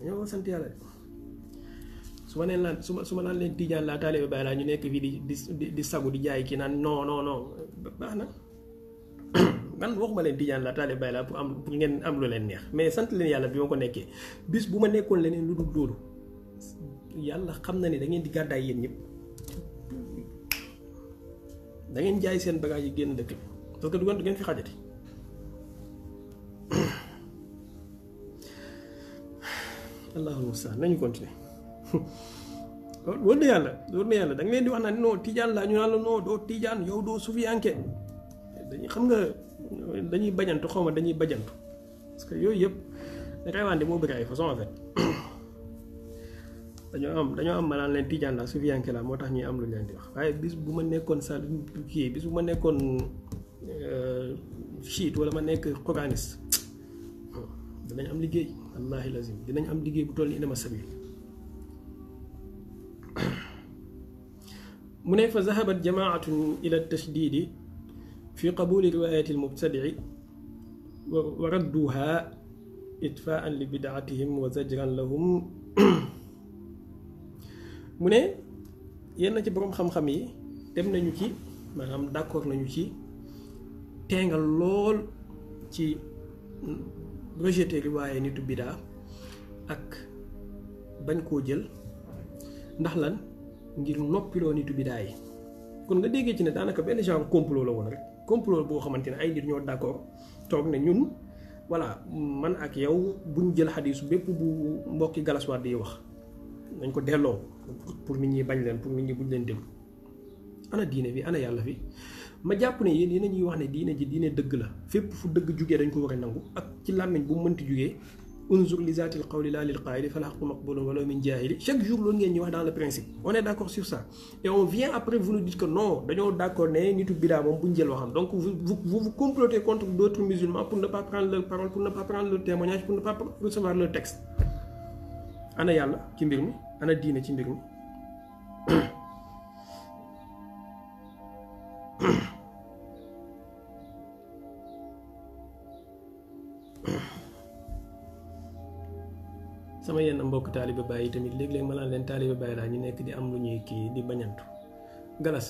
dañoo sant yàlla su ma neen su ma su ma naan leen tijaan laa taalibe Baay ñu nekk fii di di di sagu jaay kii naan non non non baax na <coughs> man waxuma leen tijaan laa taalibe Baay laa pour am pour ngeen am lu leen neex mais sant leen yàlla bi ma ko nekkee bis bu ma nekkoon leneen lu dul loolu yàlla xam na ni da ngeen di gàddaay yéen ñëpp. da ngeen jaay seen bagage yi génn dëkk bi parce que du ngeen du ngeen fi xajati allahul mustaan nañu continuer wër na yàlla wër na yàlla da leen di wax naan non tijaan laa ñu naan la non doo tijaan yow doo sufiyanke dañuy xam nga dañuy bajantu xaw ma dañuy bajantu parce que yooyu yëpp reewaan moo bëri ay façon en fait dañoo am dañoo am maanaam leen tijaan la la moo tax ñuy am lu leen di wax waaye bis bu ma nekkoon sal kii bis bu ma nekkoon chiite euh, wala ma nekk xoganiste dinañ am liggéey dinañ am liggéey bu toll ni inama sabil mu ne fa zahabat jamaatun ila tashdidi fi qabuli riwayati almubtadii wa radduha itfaan li bidaatihim wa zajran lahum mu ne yenn ci borom xam-xam yi dem nañu ci maanaam d'accord nañu ci teengal lool ci rejeter riwaaye nitu bidaa ak bañ koo jël ndax lan ngir noppiloo nitu bidaa yi kon nga déggee ci ne daanaka benn genre complot la woon rek complot boo xamante ne ay nit ñoo d'accord toog ne ñun voilà man ak yow buñ jël xadiisu bépp bu mbokki galaswaat di wax nañ ko delloo pour nit ñi bañ leen pour nit ñi buñ leen ana diine bi ana yàlla fi ma jàpp ne yéen yéen ñuy wax ne diine ji diine dëgg la fépp fu dëgg jugee dañ ko war a nangu ak ci làmmiñ bu mu mënti jugee unzur li zaatil qawli la lil qaayili fal haqu maqbulun walaw min jaahili chaque jour loolu ngeen ñu wax dans le principe on est d' accord sur ça et on vient après vous nous dites que non dañoo d' accord ne nitu bidaa moom buñ jël waxam donc vous vous vous complotez contre d' autres musulmans pour ne pas prendre leur parole pour ne pas prendre leur témoignage pour ne pas recevoir leur texte ana yàlla ci mbir mi ana diine ci mbir mi sama yenn mbokk taaliba Baye tamit léegi léeg man naan leen taaliba Baye laa ñu nekk di am lu ñuy kii di bañantu galas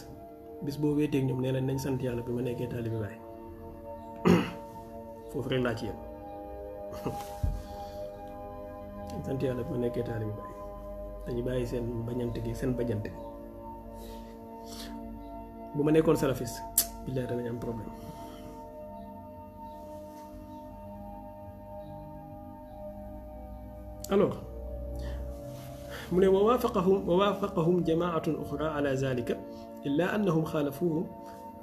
bis boo wéeteeg ñoom nee na nañ sant yàlla bi ma nekkee taaliba Baye <coughs> foofu rek laa ci yem <coughs> sant yàlla bi ma nekkee taaliba Baye dañuy bàyyi seen bañante gi seen bañante bu ma nekkoon salafiste billaay danañ am problème alors mu ne wa waafaqahum wa waafaqahum jamaatun uxra ala zalika illa annahum xaalafuuhum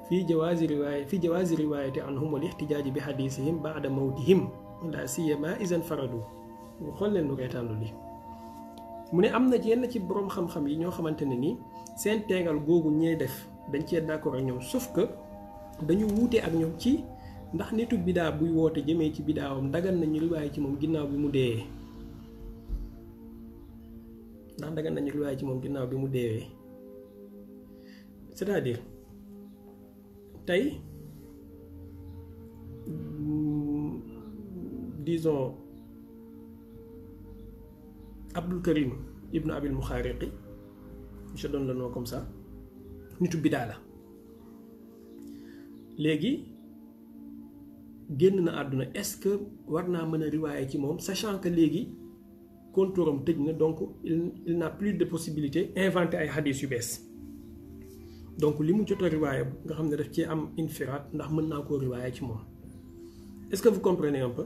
fi jawaazi riwaaya fi jawaazi riwaayati anhum wal ixtijaaji bi xadiisihim baada mawtihim la siyama isan faradu xool leen lu reetaanlu li mu ne am na yenn ci boroom xam-xam yi ñoo xamante ne ni seen teegal googu ñee def dañ cee d'accord ak ñoom sauf que dañu wuute ak ñoom ci ndax nitu bidaa buy woote jëmee ci bidaawam dagan nañu riwaay ci moom ginnaaw bi mu deewee ndax dagan nañu riwaay ci moom ginnaaw bi mu deewee c'est-à-dire tey disons. Abdul Karim Ibn Abil Muxaariqi je donne le nom comme ça nitu bidala la léegi génn na aduna est-ce que warna naa mën ci mom sachant que légui contouram tej na donc il n'a plus de possibilité inventer ay hadith yu bess donc li mu jot a nga que daf ci am infiraat ndax ci mom est-ce que vous comprenez un peu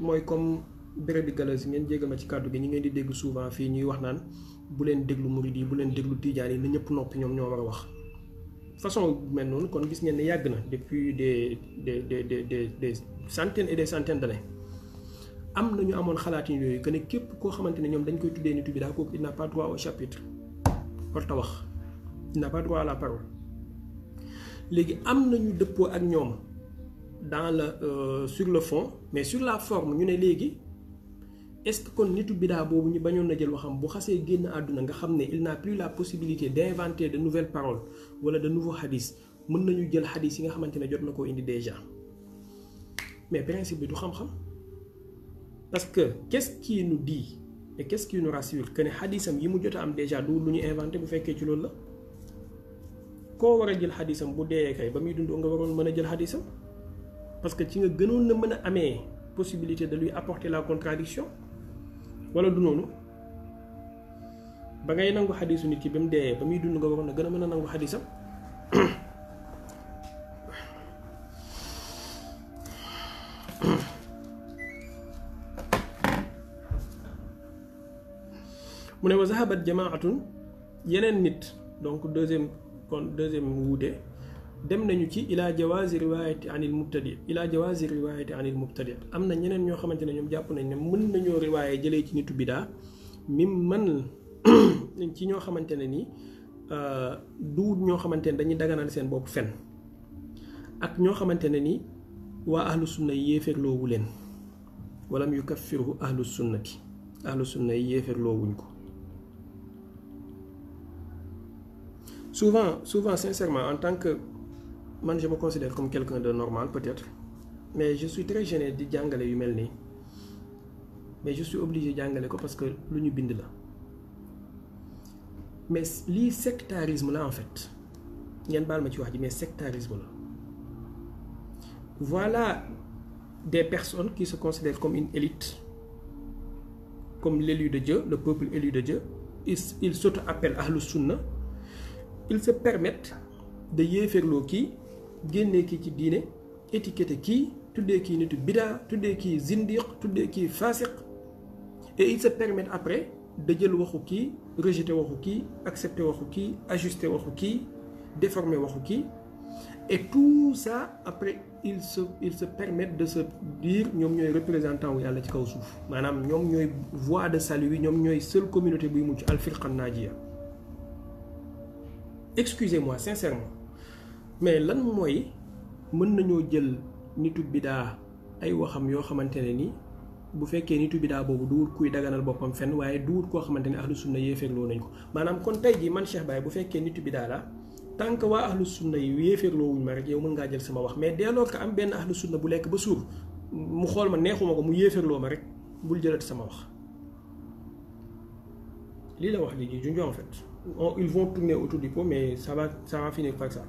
moy comme bérébi galas ngeen jégal ma ci kàddu gi ñi ngeen di dégg souvent fi ñuy wax naan bu leen déglu murid yi bu leen déglu tidiane yi na ñëpp noppi ñoom ñoo war a wax façon mel noonu kon gis ngeen ne yàgg na depuis des des des des des des centaines et des centaines d'années am nañu amoon xalaat yooyu que ne képp koo xamante ne ñoom dañ koy tuddee ni tubi daa kooku il n' a pas droit au chapitre warta wax il n' a pas droit à la parole léegi am nañu dëppoo ak ñoom dans le euh, sur le fond mais sur la forme ñu ne léegi est-ce que kon nitu bidaa boobu ñu bañoon na jël waxam bu xasee génn àdduna nga xam ne il n'a plus la possibilité d'inventer de nouvelles paroles wala de nouveaux hadiths mën nañu jël hadith yi nga xamante ne jot na koo indi déjà mais principe bi du xam-xam parce que qu'est-ce qui nous dit et qu'est-ce qui nous rassure que ne haditham yi mu jot a am déjà du lu ñu inventer bu fekkee ci loolu la koo war a jël haditham bu dee kay ba muy dund nga waroon mën a jël haditham parce que ci nga gënoon na mën a amee possibilité de lui apporter la contradiction wala du noonu ba ngay nangu xadisu nit ki ba mu dee ba muy dund nga waroon na gën a mën a nangu xadisam <coughs> mu ne wa zahabat jamaatun yeneen nit donc deuxième kon deuxième wuute dem nañu ci ila jawaazi riwaayati anil mubtadi ila jawaazi riwaayati anil mubtadi am na ñeneen ñoo xamante ne ñoom jàpp nañ ne mën nañoo riwaaye jëlee ci nitu bidaa mi man <clears throat> ci ñoo xamante ne nii euh, duut ñoo xamante ne dañuy daganal seen bopp fen ak ñoo xamante ne nii waa ahlu sunna yi yéefeerloowu leen walam yukaffiruhu ahlu sunnati ahlu sunna yi yéefeerloowuñ ko souvent en tant que Moi, je me considère comme quelqu'un de normal peut-être mais je suis très gêné je suis yu melni mais je suis obligé obligé ko parce que bind mais sectarisme en fait ma ci wax mais sectarisme voilà des personnes qui se considèrent comme une élite comme l'élu de Dieu le peuple élu de Dieu ils ils appellent Ahlus Sunna ils se permettent de lo ki génnee qui, ci diine étiqueté ki tuddee ki nitu bida tuddee ki zindiq qui ki fasiq et ils se permettent après de jël waxu ki rejeter waxu ki accepter waxu ki ajuster waxu ki déformer waxu ki et tout ça après ils se ils se permettent de se dire ñom ñoy représentant wu yalla ci kaw suuf nous ñom ñoy voix de salut ñom ñoy seule communauté buy mucc al firqan najia excusez-moi sincèrement mais lan mooy mën nañu jël nitu bidaa ay waxam yoo xamantene ni bu fekkee nitu bidaa boobu duwut kuy daganal boppam fenn waaye duwut koo xamante ne ahlu sunna lo nañ ko maanaam kon tey jii man Cheikh Baye bu fekkee nitu bidaa la tant que waa ahlu sunna yi yéeféerloo wuñ ma rek yow mën ngaa jël sama wax mais dès lors que am benn ahlu sunna bu lekk ba suur mu xool ma neexuma ko mu yéeféerloo ma rek bul jëlati sama wax lii la wax léegi junj en fait ils vont tourner autour du pot mais ça va ça va finir par ça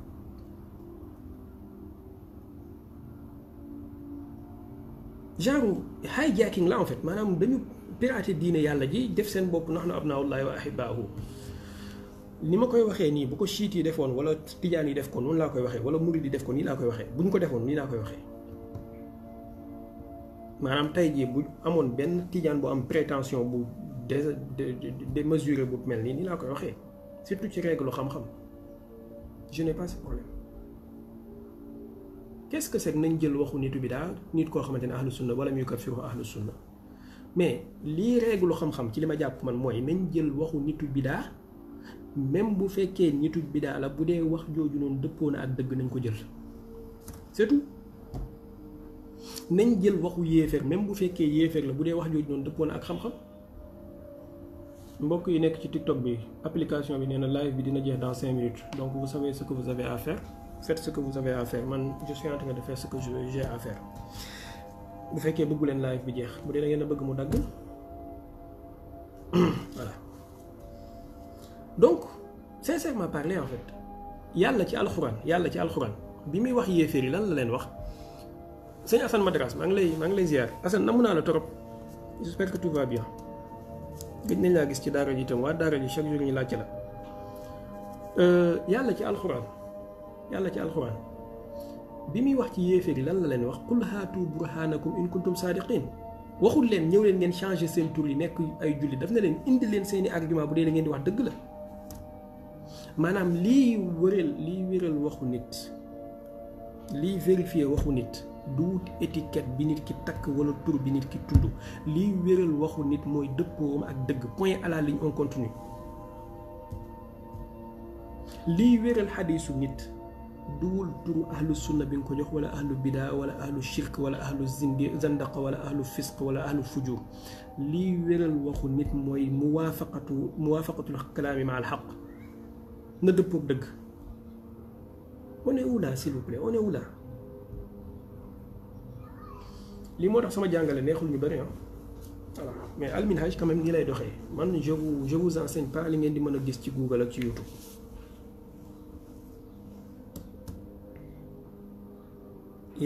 genre hijacking la en fait maanaam dañu pirater diine yàlla ji def seen bopp nax abna wallahi wa ahibahu ni ma koy waxee nii bu ko chiit yi defoon wala tijaan yi def ko noonu laa koy waxee wala murid yi def ko nii laa koy waxee bu ñu ko defoon nii laa koy waxee maanaam tey ji bu amoon benn tijaan bu am prétention bu démesuré bu mel nii nii laa koy waxee surtout ci règle xam-xam je n'ai pas ce problème qu'est-ce que c'est nañ jël waxu nitu bidaa nit koo xamante ne ahlu sunna wala mu yukaffiruhu ahlu sunna mais lii réeglu xam-xam ci li ma jàpp man mooy nañ jël waxu nitu bidaa même bu fekkee nitu bidaa la bu dee wax jooju noonu dëppoo na ak dëgg nañ ko jël c'est jël waxu yéeféer même bu fekkee yéeféer la bu dee wax jooju noonu dëppoo ak xam-xam mbokk yi nekk ci TikTok bi application bi nee na live bi dina jeex dans cinq minutes donc vous savez ce que vous avez faites ce que vous avez à faire man je suis en train de faire ce que j'ai à faire bu fekkee bëggu leen live bi jeex bu dee da ngeen a bëgg mu dagg <clears throat> voilà donc sincèrement parler en fait yàlla ci alxuraan yàlla ci alxuraan bi muy wax yéeféer yi lan la leen wax sëñ Assane Madras maa ngi lay maa ngi lay ziar Assane namu naa la trop j'espère que tout va bien gëj nañ laa gis ci daara ji itam waa daara ji chaque jour ñu laajte la euh, yàlla ci alxuraan. yàlla ci alxuraan bi muy wax ci yéeféer yi lan la leen wax qul haatu burhanakum in kuntum saadiqin waxul leen ñëw leen ngeen changé seen tur yi nekk ay julli daf na leen indi leen seeni argument bu dee la ngeen di wax dëgg la maanaam lii wëral lii wëral waxu nit lii vérifié waxu nit du wut étiquette bi nit ki takk wala tur bi nit ki tudd lii wéral waxu nit mooy dëppoom ak dëgg point à la ligne on continue lii wéral xadiisu nit دول دون اهل السنه بين كو ولا اهل البدع ولا اهل الشرك ولا اهل الزندقه ولا اهل الفسق ولا اهل الفجور لي ويرال واخو نيت موي موافقه موافقه الكلام مع الحق ندبوك دغ اوني اولا سيل بلي اوني اولا لي مو سما جانغال نيخول ني بري مي علم الحاج كامل ني لاي دوخي مان جو جو زانسين با لي ندي مانا غيس سي جوجل اك سي يوتيوب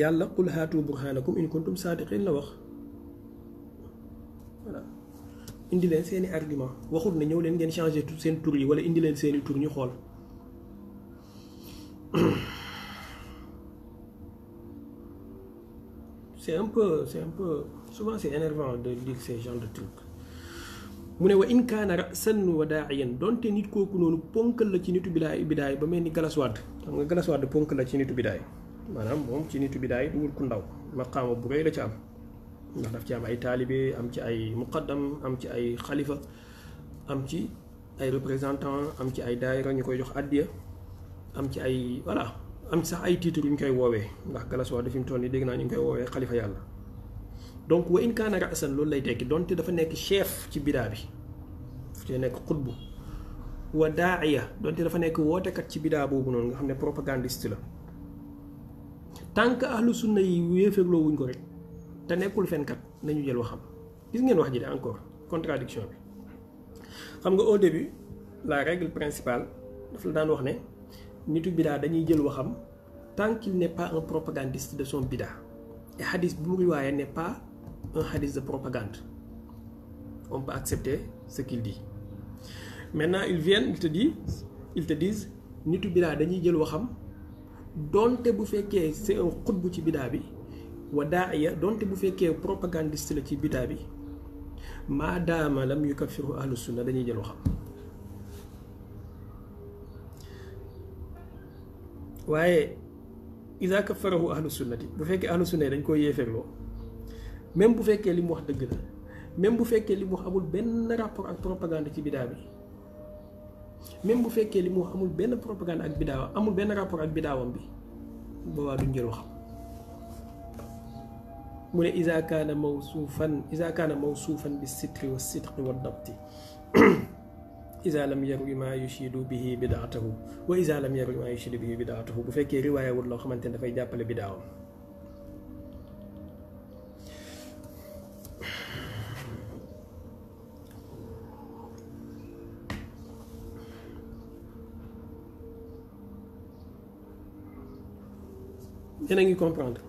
yàlla qul haatu burhanakum in kuntum saadiqin la wax indi leen seeni argument waxut na ñëw leen ngeen changer seen tour yi wala indi leen seeni tur ñu xool <coughs> c'est un peu c'est un souvent c'est énervant de lire ces genre de trucs mu ne wa in kaana rasan wa daa'iyan donte nit kooku noonu ponkal la ci nitu bidaay bidaay ba mel ni galaswaat xam nga galaswaat ponkal la ci nitu bidaay maanaam moom ci nitu bidaay duwul ku ndaw maqaama bu rëy la ci am ndax daf ci am ay taalibe am ci ay muqaddam am ci ay xalifa am ci ay représentant am ci ay daayira ñu koy jox addiya am ci ay voilà am ci sax ay titre yu ñu koy woowee ndax galas wax dafi mu toll ni dégg naa ñu ngi koy woowee xalifa yàlla donc wa in kaana raasan loolu lay tekki donte dafa nekk chef ci biddaa bi fu cee nekk xutbu wa daaiya donte dafa nekk wootekat ci bidaa boobu noonu nga xam ne propagandiste la tant que ahlu sunna yi wéefegloo wuñ ko rek te nekkul fenkat nañu jël waxam gis ngeen wax ji de encore contradiction bi xam nga au début la règle principale dafa la daan wax ne nitu bidaa dañuy jël waxam tant qu'il n'est pas propagandiste de son bidaa e hadith bu mu riwaayee n'est pas un hadith de propagande on peut accepter ce qu'il dit maintenant ils viennent ils te disent ils te disent nitu bidaa dañuy jël waxam donte bu fekkee c'est un ci bidaa bi wa daaiya donte bu fekkee propagandiste la ci bidaa bi maadaama lam yukaffiru ahlu dañuy jël waaye iza kaffarahu ahlu sunnati bu fekkee ahlu sunna dañ koy yéefeerloo même bu fekkee li mu wax dëgg la même bu fekkee li mu wax amul benn rapport ak propagande ci biddaa bi même bu fekkee li mu wax amul benn propagande ak bidaawa amul benn rapport ak bidaawam bi boobaa duñ jël waxam mu ne isa kaana mawsuufan isa kaana mawsuufan bi sitri wa sidqi wa dabti isa lam yaru ma yushidu bihi bidaatahu wa isa lam yaru ma yushidu bihi bidaatahu bu fekkee riwaayewul loo xamante ne dafay jàppale bidaawam yéen a comprendre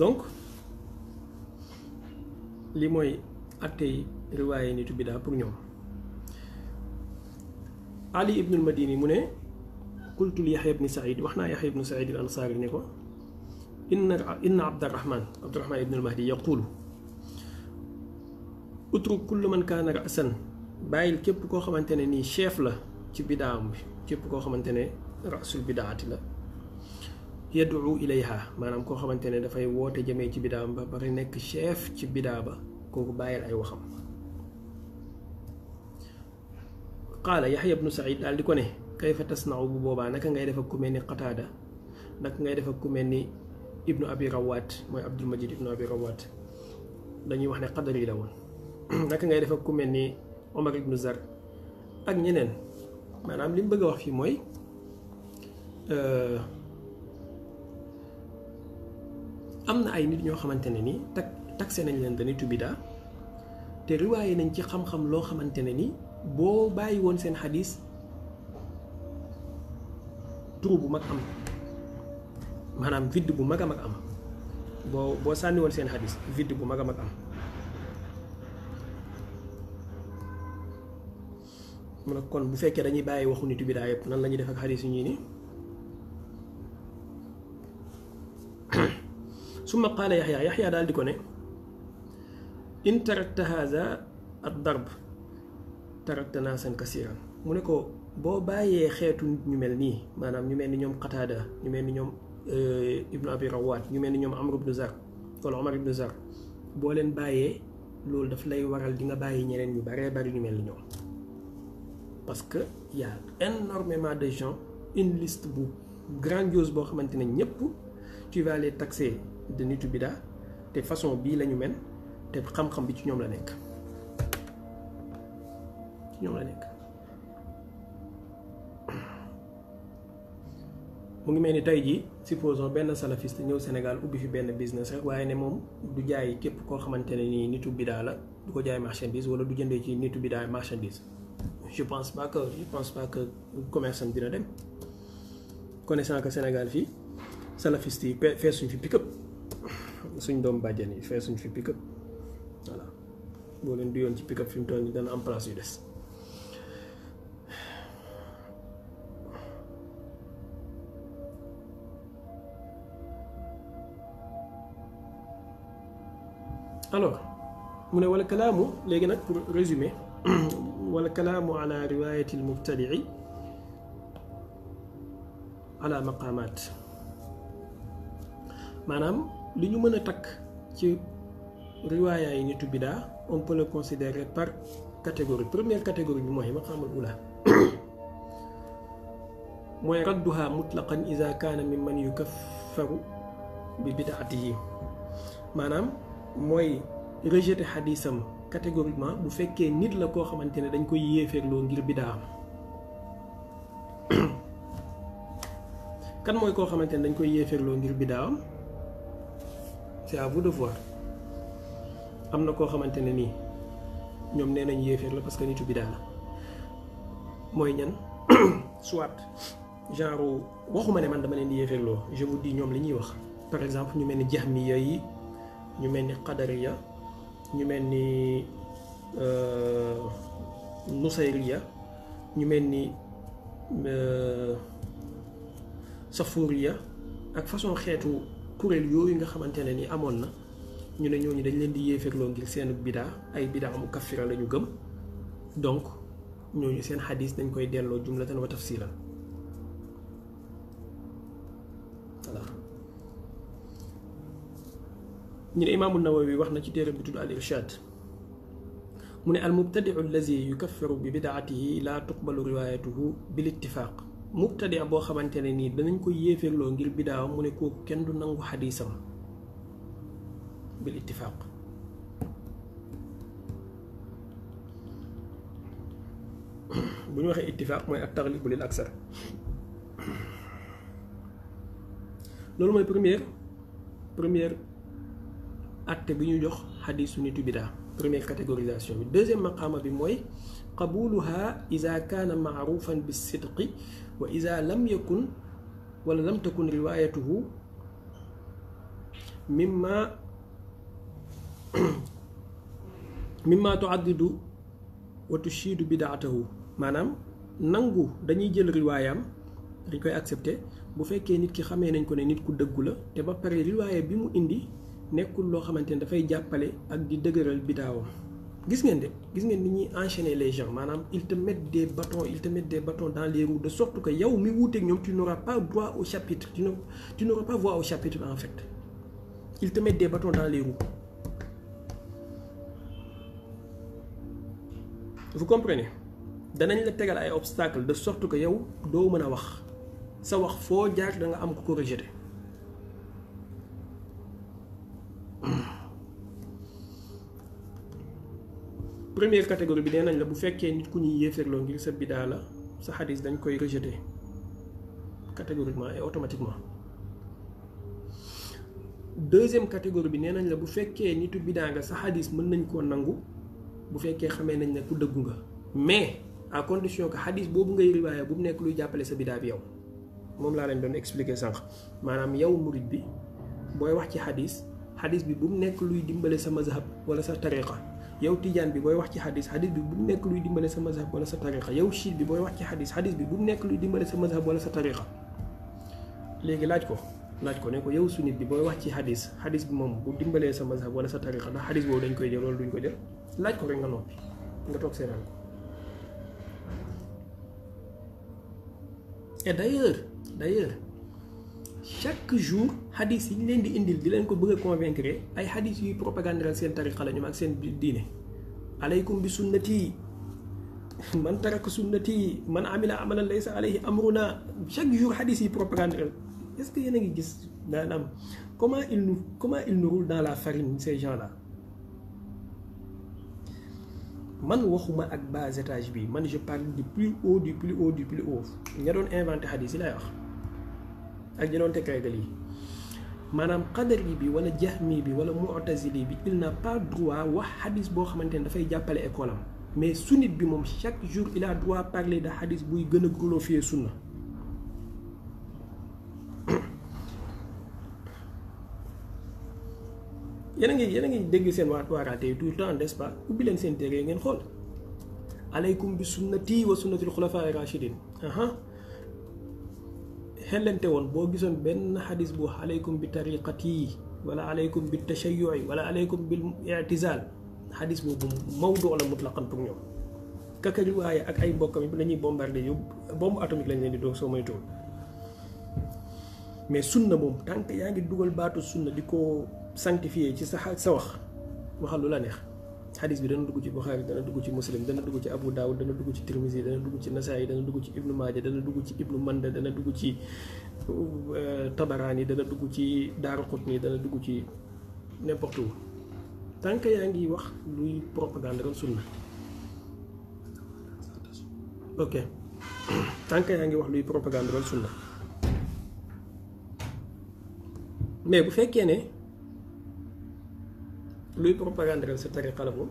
donc li mooy attey riwaaye nitu biddaa pour ñoom ali ibnul madini mu ne qultu li yaxya ibni saïd wax naa yaxya ibn saïd al ansaari ne ko inna inna abdarahman abdurahman ibnul mahdi yaqulu utruk kullu man kaana rasan bàyyil képp koo xamante ne nii chef la ci biddaam bi képp koo xamante ne rasul bidaati la yad'u ilayha maanaam koo xamante ne dafay woote jëme ci bidaa ba ba nekk chef ci bidaa ba kooku bàyyil ay waxam qaala yaxya bnu said daal di ko ne kayfa tasnau bu boobaa naka ngay def ak ku mel ni qataada naka ngay def ak ku mel ni ibnu abi rawaat mooy abdul majid ibnu abi rawaat dañuy wax ne qadar yi la woon <clears throat> naka ngay def ak ku mel ni omar ibnu zar ak ñeneen maanaam li mu bëgg a wax fii mooy euh, am na ay nit ñoo xamante ne ni tak taxe nañ leen dañuy tubida te riwaaye nañ ci xam-xam loo xamante ne ni boo bàyyi woon seen xadis trou bu mag am maanaam vidde bu mag a mag am boo boo sànni woon seen xadis vidde bu mag a mag am mu ne kon bu fekkee dañuy bàyyi waxu nitu bidaa yëpp nan la ñuy def ak xadis yi ñii ni summa qaala yaxya yaxya daal di ko ne in tarakta haza ad darb tarakta naasan kasiran mu ne ko boo bàyyee xeetu nit ñu mel nii maanaam ñu mel ni ñoom qataada ñu mel ni ñoom ibnu abi rawaat ñu mel ni ñoom amr ibnu zar wala omar ibnu zar boo leen bàyyee loolu daf lay waral di nga bàyyi ñeneen ñu baree bari ñu mel ni ñoom parce que y a énormément de gens une liste bu grandiose bo xamante ne ñëpp tu vas les taxer de nitu bida te façon bi lañu ñu mel te xam-xam bi ci ñom la nek ci ñoom la nek mu ngi mel tay ji supposons ben salafiste ñëw Sénégal ubbi fi ben business rek waaye né mom du jaay képp ko xamante ne nii nitu bida la du ko jaay marchandise wala du jëndee ci nitu bida marchandise je pense pas que je pense pas que commerçant dina dem connaissant que Sénégal ça la fait suñ fi pick up suñ doom yi Il fi pick up voilà ci pick up Il dana am place yu dess alors mu ne wala pour résumer والكلام على رواية المبتدع على مقامات maanaam li ñu mën a takk ci riwaaya yi nitu bidaa on peut le par catégorie première catégorie bi mooy maqaamul ula <coughs> mooy radduha mutlaqan ida kaana min man yukaffaru bi bidaatihi maanaam mooy rejeter xadiisam catégoriquement bu fekkee nit la koo xamante ne dañ koy yéefeegloo ngir bidaa kan mooy koo xamante ne dañ koy yéefeegloo ngir bidaawam c'est à vous de voir am na koo xamante ne nii ñoom nee nañ yéefeer la parce que nitu bidaa la mooy ñan <coughs> soit genre waxuma ne man dama leen di yéefeegloo je vous dis ñoom li ñuy wax par exemple ñu mel ni jaxmiya yi ñu mel ni qadariya ñu mel ni euh, Nusayriya ñu mel ni euh, Safuriya ak façon xeetu kuréel yooyu nga xamante ne ni amoon na ñu ne ñooñu dañ leen di yéefeerloo ngir seen bidaa ay bidaa mu kaffira la gëm donc ñooñu seen xadis dañ koy delloo jumlatan wa tafsiran voilà ñu ne imaamu nawawi wax na ci téere bi tudd al irshad mu ne al mubtadiu allazi yukaffiru bi bidaatihi laa tuqbalu riwaayatuhu bil ittifaaq mubtadia boo xamante ne nii danañ koy yéeféerloo ngir bidaaw mu ne kooku kenn du nangu xadiisam bil ittifaaq bu ñu waxee ittifaaq mooy ak taxlibu lil aksar loolu mooy première première atte bi ñu jox xadiisu nitu bidaa première catégorisation bi deuxième maqama bi mooy qabuluha ida kaana maarufan bi sidqi wa ida lam yakun wala lam takun riwaayatuhu mimma <coughs> mimma tuaddidu wa tushiidu bidaatahu maanaam nangu dañuy jël riwaayaam dañ koy accepté bu fekkee nit ki xamee nañ ko ne nit ku dëggu la te ba pare riwaaya bi mu indi nekkul loo xamante ne dafay jàppale ak di dëgëral bidaawam gis ngeen de gis ngeen ni ñuy enchaîner les gens maanaam Il te met des bâtons il te met des bâtons dans les roues de sorte que yow mi wuuteeg ñoom tu n'auras pas droit au chapitre tu n'auras pas voix au chapitre en fait Il te met des bâtons dans les roues vous comprenez danañ la tegal ay obstacle, de sorte que yow doo mën a wax sa wax foo jaar da nga am ku ko rejeter première catégorie bi nee nañ la bu fekkee nit ku ñuy yéefarloo ngir sa bidaa la sa xadis dañ koy rejeter catégoriquement et automatiquement deuxième catégorie bi nee nañ la bu fekkee nitu bidaa nga sa xadis mën nañ koo nangu bu fekkee xamee nañ ne ku dëggu nga mais à condition que xadis boobu ngay riwaaya bu mu nekk luy jàppale sa bidaa bi yow moom laa leen doon expliquer sànq maanaam yow murid bi booy wax ci xadis xadis bi bu mu nekk luy dimbale sa mazhab wala sa tariqa yow tijaan bi booy wax ci xadis xadis bi bu mu nekk luy dimbale sa mazhab wala sa tariqa yow chiite bi booy wax ci bi bu mu nekk luy dimbale sa mazhab wala sa tariqa léegi laaj ko laaj ko ne ko yow sunit bi booy wax ci xadis xadis bi moom bu dimbalee sa mazhab wala sa tariqa ndax xadis boobu dañ koy jël loolu ko jël laaj ko rek nga noppi nga toog seetaan ko et d'ailleurs chaque jour hadith yi ñu leen di indil di leen ko bëgg a convaincre ay hadith yuy propagandal seen tariqa la ñoom ak seen diine alaykum bi sunnati man taraka sunnati man amila amalan laysa alayhi amruna chaque jour hadith yi propagandal est-ce que yéen a ngi gis maanaam comment il nous comment il nous roule dans la farine ces gens-là man waxuma ak bas étage bi man je parle du plus haut du plus haut du plus haut ña doon inventé hadith yi lay wax ak ñu doon tekkaagal yi maanaam qadari bi wala jahmi bi wala mu'tazili bi il n'a pas droit wax xadis boo xamante ne dafay jàppale école am mais sunnit bi moom chaque jour il a droit parler de xadis buy gën a glorifier sunna <coughs> yéen a ngi yéen a ngi dégg seen waa waaraate yi tout le temps n'est-ce pas ubbi leen seen téere ngeen xool aleykum bi sunnati wa sunnatil xulafaa rachidin xellante woon boo gisoon benn xadis bu wax aleykum bi tariqat yi wala aleykum bi tashayu'i wala aleykum bil i'tizal xadis boobu mawdu la mutlaqan pour ñoom kaka riwaaya ak ay mbokkam yi dañuy bombardé yu bombe atomique lañ leen di doo soo moytuwul mais na moom tànk yaa ngi dugal baatu na di ko sanctifié ci sa sa wax waxal lu la neex xadis bi dana dugg ci buxaari dana dugg ci muslim dana dugg ci abu daawud dana dugg ci tirmisi dana dugg ci nasaayi dana dugg ci ibnu maaja dana dugg ci ibnu manda dana dugg ci tabaraani dana dugg ci daaru xutni dana dugg ci n'importe où yaa ngi wax luy propagande ral sunna ngi wax luy propagande ral sunna mais bu fekkee ne luy propagande rek sa tariqa la moom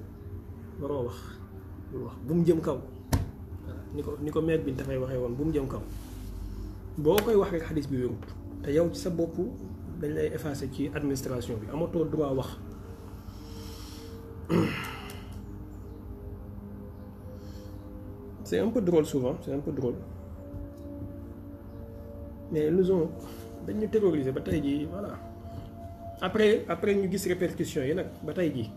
waroo wax bu mu jëm kaw voilà ni ko ni ko maire bi dafay waxee woon bu mu jëm kaw boo koy wax rek xadis bi wérut te yow ci sa bopp dañ lay effacer ci administration bi amatoo droit wax <clears throat> c'est un peu drôle souvent c'est un peu drôle mais nous on dañ ñu ba tey jii voilà après après ñu gis répercussions yi nag ba tey jii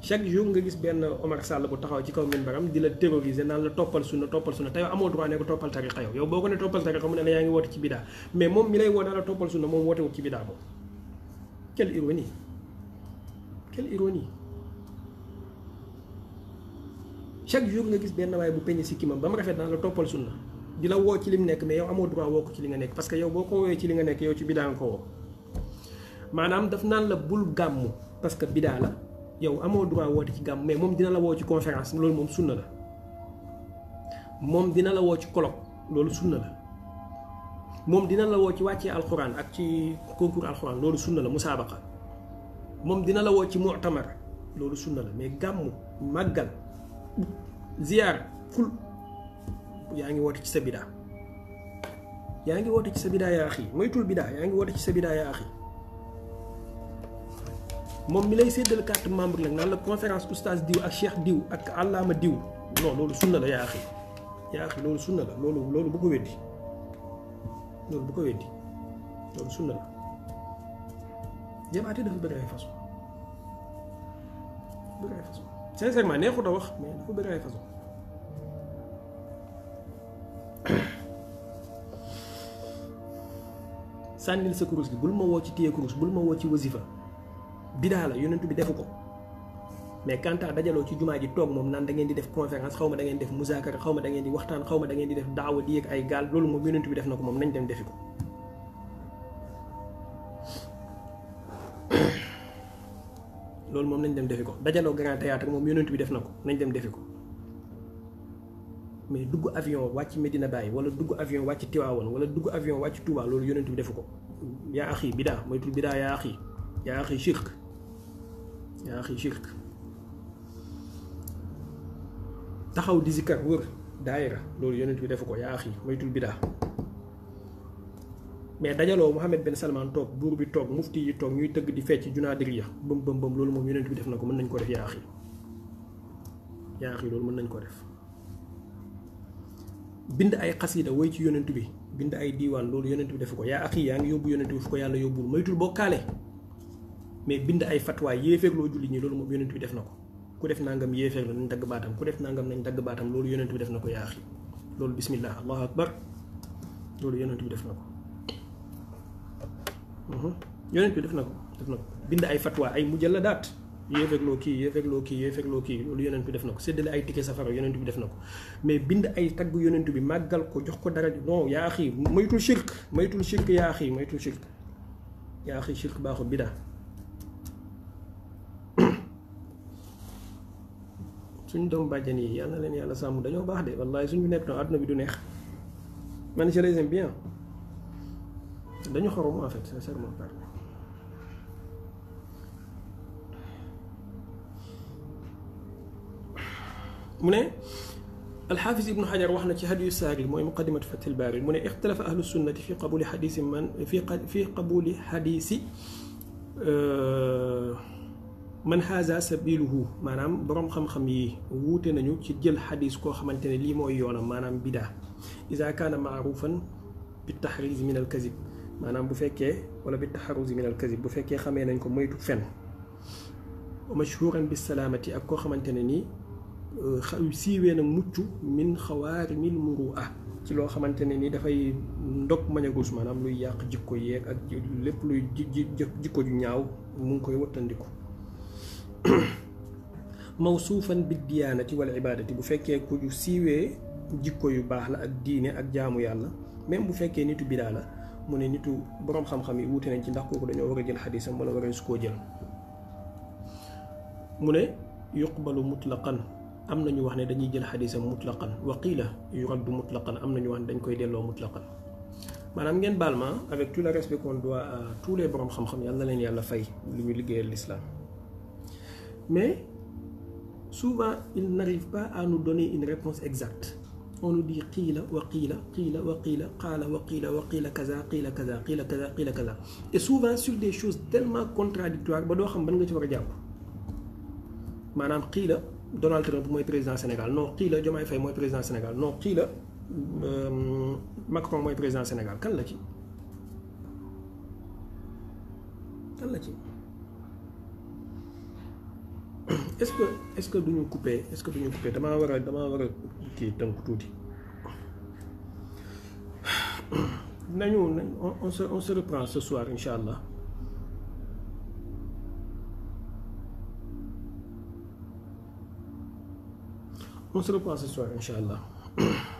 chaque jour nga gis benn Omar Sall bu taxaw ci kaw minbaram di la terroriser naan la toppal sunna toppal sunna tey amoo droit toppal tariqa yow yow boo ko ne toppal tariqa mu ne la yaa ngi woote ci bidaa mais moom mi lay woo naan la toppal sunna li mu nekk mais yow amoo droit woo ko ci li nga nekk parce que yow boo ko woowee ci li nga nekk yow ci bidaa nga ko woo maanaam daf naan la bul gàmmu parce que bidaa la yow amoo droit woote ci gàmm mais moom dina la woo ci conférence loolu moom sunna la moom dina la woo ci colloque loolu sunna la moom dina la woo ci wàccee alxuraan ak ci concours alxuraan loolu sunna la musaabaqa moom dina la woo ci mu'tamar loolu sunna la mais gàmmu màggal ziar ful yaa ngi woote ci sa bidaa yaa ngi woote ci sa bidaa yaa axi moytul bidaa yaa ngi woote ci sa bidaa yaa axi moom mi lay séddale carte membre nag naan la conférence oustaz diw ak cheikh diw ak àllaama diw non loolu sunna la yaa axi yaa axi loolu sunna la loolu loolu bu ko weddi loolu bu ko weddi loolu sunna la jabaate dafa bëri ay façon bëri ay façon neexut a wax mais dafa bëri ay façon <coughs> sànnil sa kurus gi bul ma woo ci téye kurus bul ma woo ci wasifa bidaa la yonent bi defu ko mais quant à dajaloo ci jumaa ji toog moom naan da ngeen di def conférence xaw ma da ngeen def musaakara xaw ma da ngeen di waxtaan xaw ma da ngeen di def daawa di ak ay gaal loolu moom yonent bi def na ko nañ dem defi ko <coughs> loolu moom nañ moom yonent bi def na ko nañ dem defi ko mais dugg avion wàcc Medina bàyyi wala dugg avion wàcc Tiwaawan wala dugg avion wàcc Touba loolu yonent bi defu ko yaa axi bidaa moytul bidaa yaa axi يا أخي شرك yaa axi shirk taxaw di zikar wër daayira loolu yonent bi defu ko yaa axi moytul bidaa mais dajaloo Mohammed Ben Salman toog buur bi toog mufti yi toog ñuy tëgg di fecc junaadiriya bëm bëm bëm loolu moom yonent bi def na ko mën nañ ko def yaa axi yaa axi loolu mën nañ ko def bind ay xasida woy ci yonent bi bind ay diiwaan loolu yonent bi defu ko yaa axi yaa ngi yóbbu yonent bi fu ko yàlla yóbbul moytul bokkaale mais bind ay fatwa yéfek lo julli ñi loolu moom yonent bi def nako ku def nangam yéfek la nañ dag batam ku def nangam nagn dag batam loolu yonent bi def nako ya yaa axi bismillah allah akbar loolu yonent bi def nako ko yonent bi def nako def nako bind ay fatwa ay mujalladaat yéefeeg loo kii yéefeeg loo kii yéefeeg loo kii loolu yonent bi def nako seddel ay ticket safara yonent bi def nako mais bind ay tagg yonent bi magal ko jox ko dara non ya axi maytul shirk maytul shirk ya axi maytul shirk ya axi shirk baaxul bidaa suñ doom bàjjan yi yàlla na leen yàlla sàmm dañoo baax de wallahi suñ bi nekk na àdduna bi du neex man je les aime bien dañu xorom en fait sincèrement parlé mu ne الحافظ ابن حجر وحنا هدي الساقي المهم مقدمة فتح الباري من اختلف أهل السنة في قبول حديث من في في قبول حديث أه من هذا سبيله مانام بروم خم خم يي ووتي نانيو سي جيل حديث كو خمانتني لي موي يونام مانام بدا اذا كان معروفا بالتحريز من الكذب مانام بو فكي ولا بالتحرز من الكذب بو فكي خامي نانكو مويتو فن ومشهورا بالسلامه اك كو خمانتني ني خاوي سي وين موتو من خوارم المروءه ci loo xamante ne nii dafay ndog mañagus maanaam luy yàq jikko yeeg ak lépp luy jikko ju ñaaw mu ngi koy wëttandiku <clears throat> mawsuufan bi diyaanati wal ibaadati bu fekkee ku ñu siiwee jikko yu baax la ak diine ak jaamu yàlla même bu fekkee nitu bidaa la mu ne nitu boroom xam-xam yi wute nañ ci ndax kooku dañoo war a jël xadisam wala war a su koo jël mu ne yuqbalu mutlaqan am na ñu wax ne dañuy jël xadisam mutlaqan wa qiila yuraddu mutlaqan am na ñu wax ne dañ koy delloo mutlaqan maanaam ngeen baal ma avec tout la respect qu'on doit à tous boroom xam-xam yàlla leen yàlla fay lu ñu liggéeyal l'islam Mais souvent, ils n'arrivent pas à nous donner une réponse exacte. On nous dit qila wa qila, qila wa qila, qala wa qila wa qila kaza, qila kaza, qila kaza, qila kaza. Et souvent sur des choses tellement contradictoires, ba do xam ban nga ci wara japp. Manam qila Donald Trump moy président Sénégal. Non, qila Diomaye Faye moy président Sénégal. Non, qila euh, Macron moy président Sénégal. Kan la ci? Kan ci? est-ce que est-ce que duñu coupé est-ce que duñu coupé damaa war a damaa war a kii tënk tuuti nañu on se on se reprend ce soir incha allah. on se allah.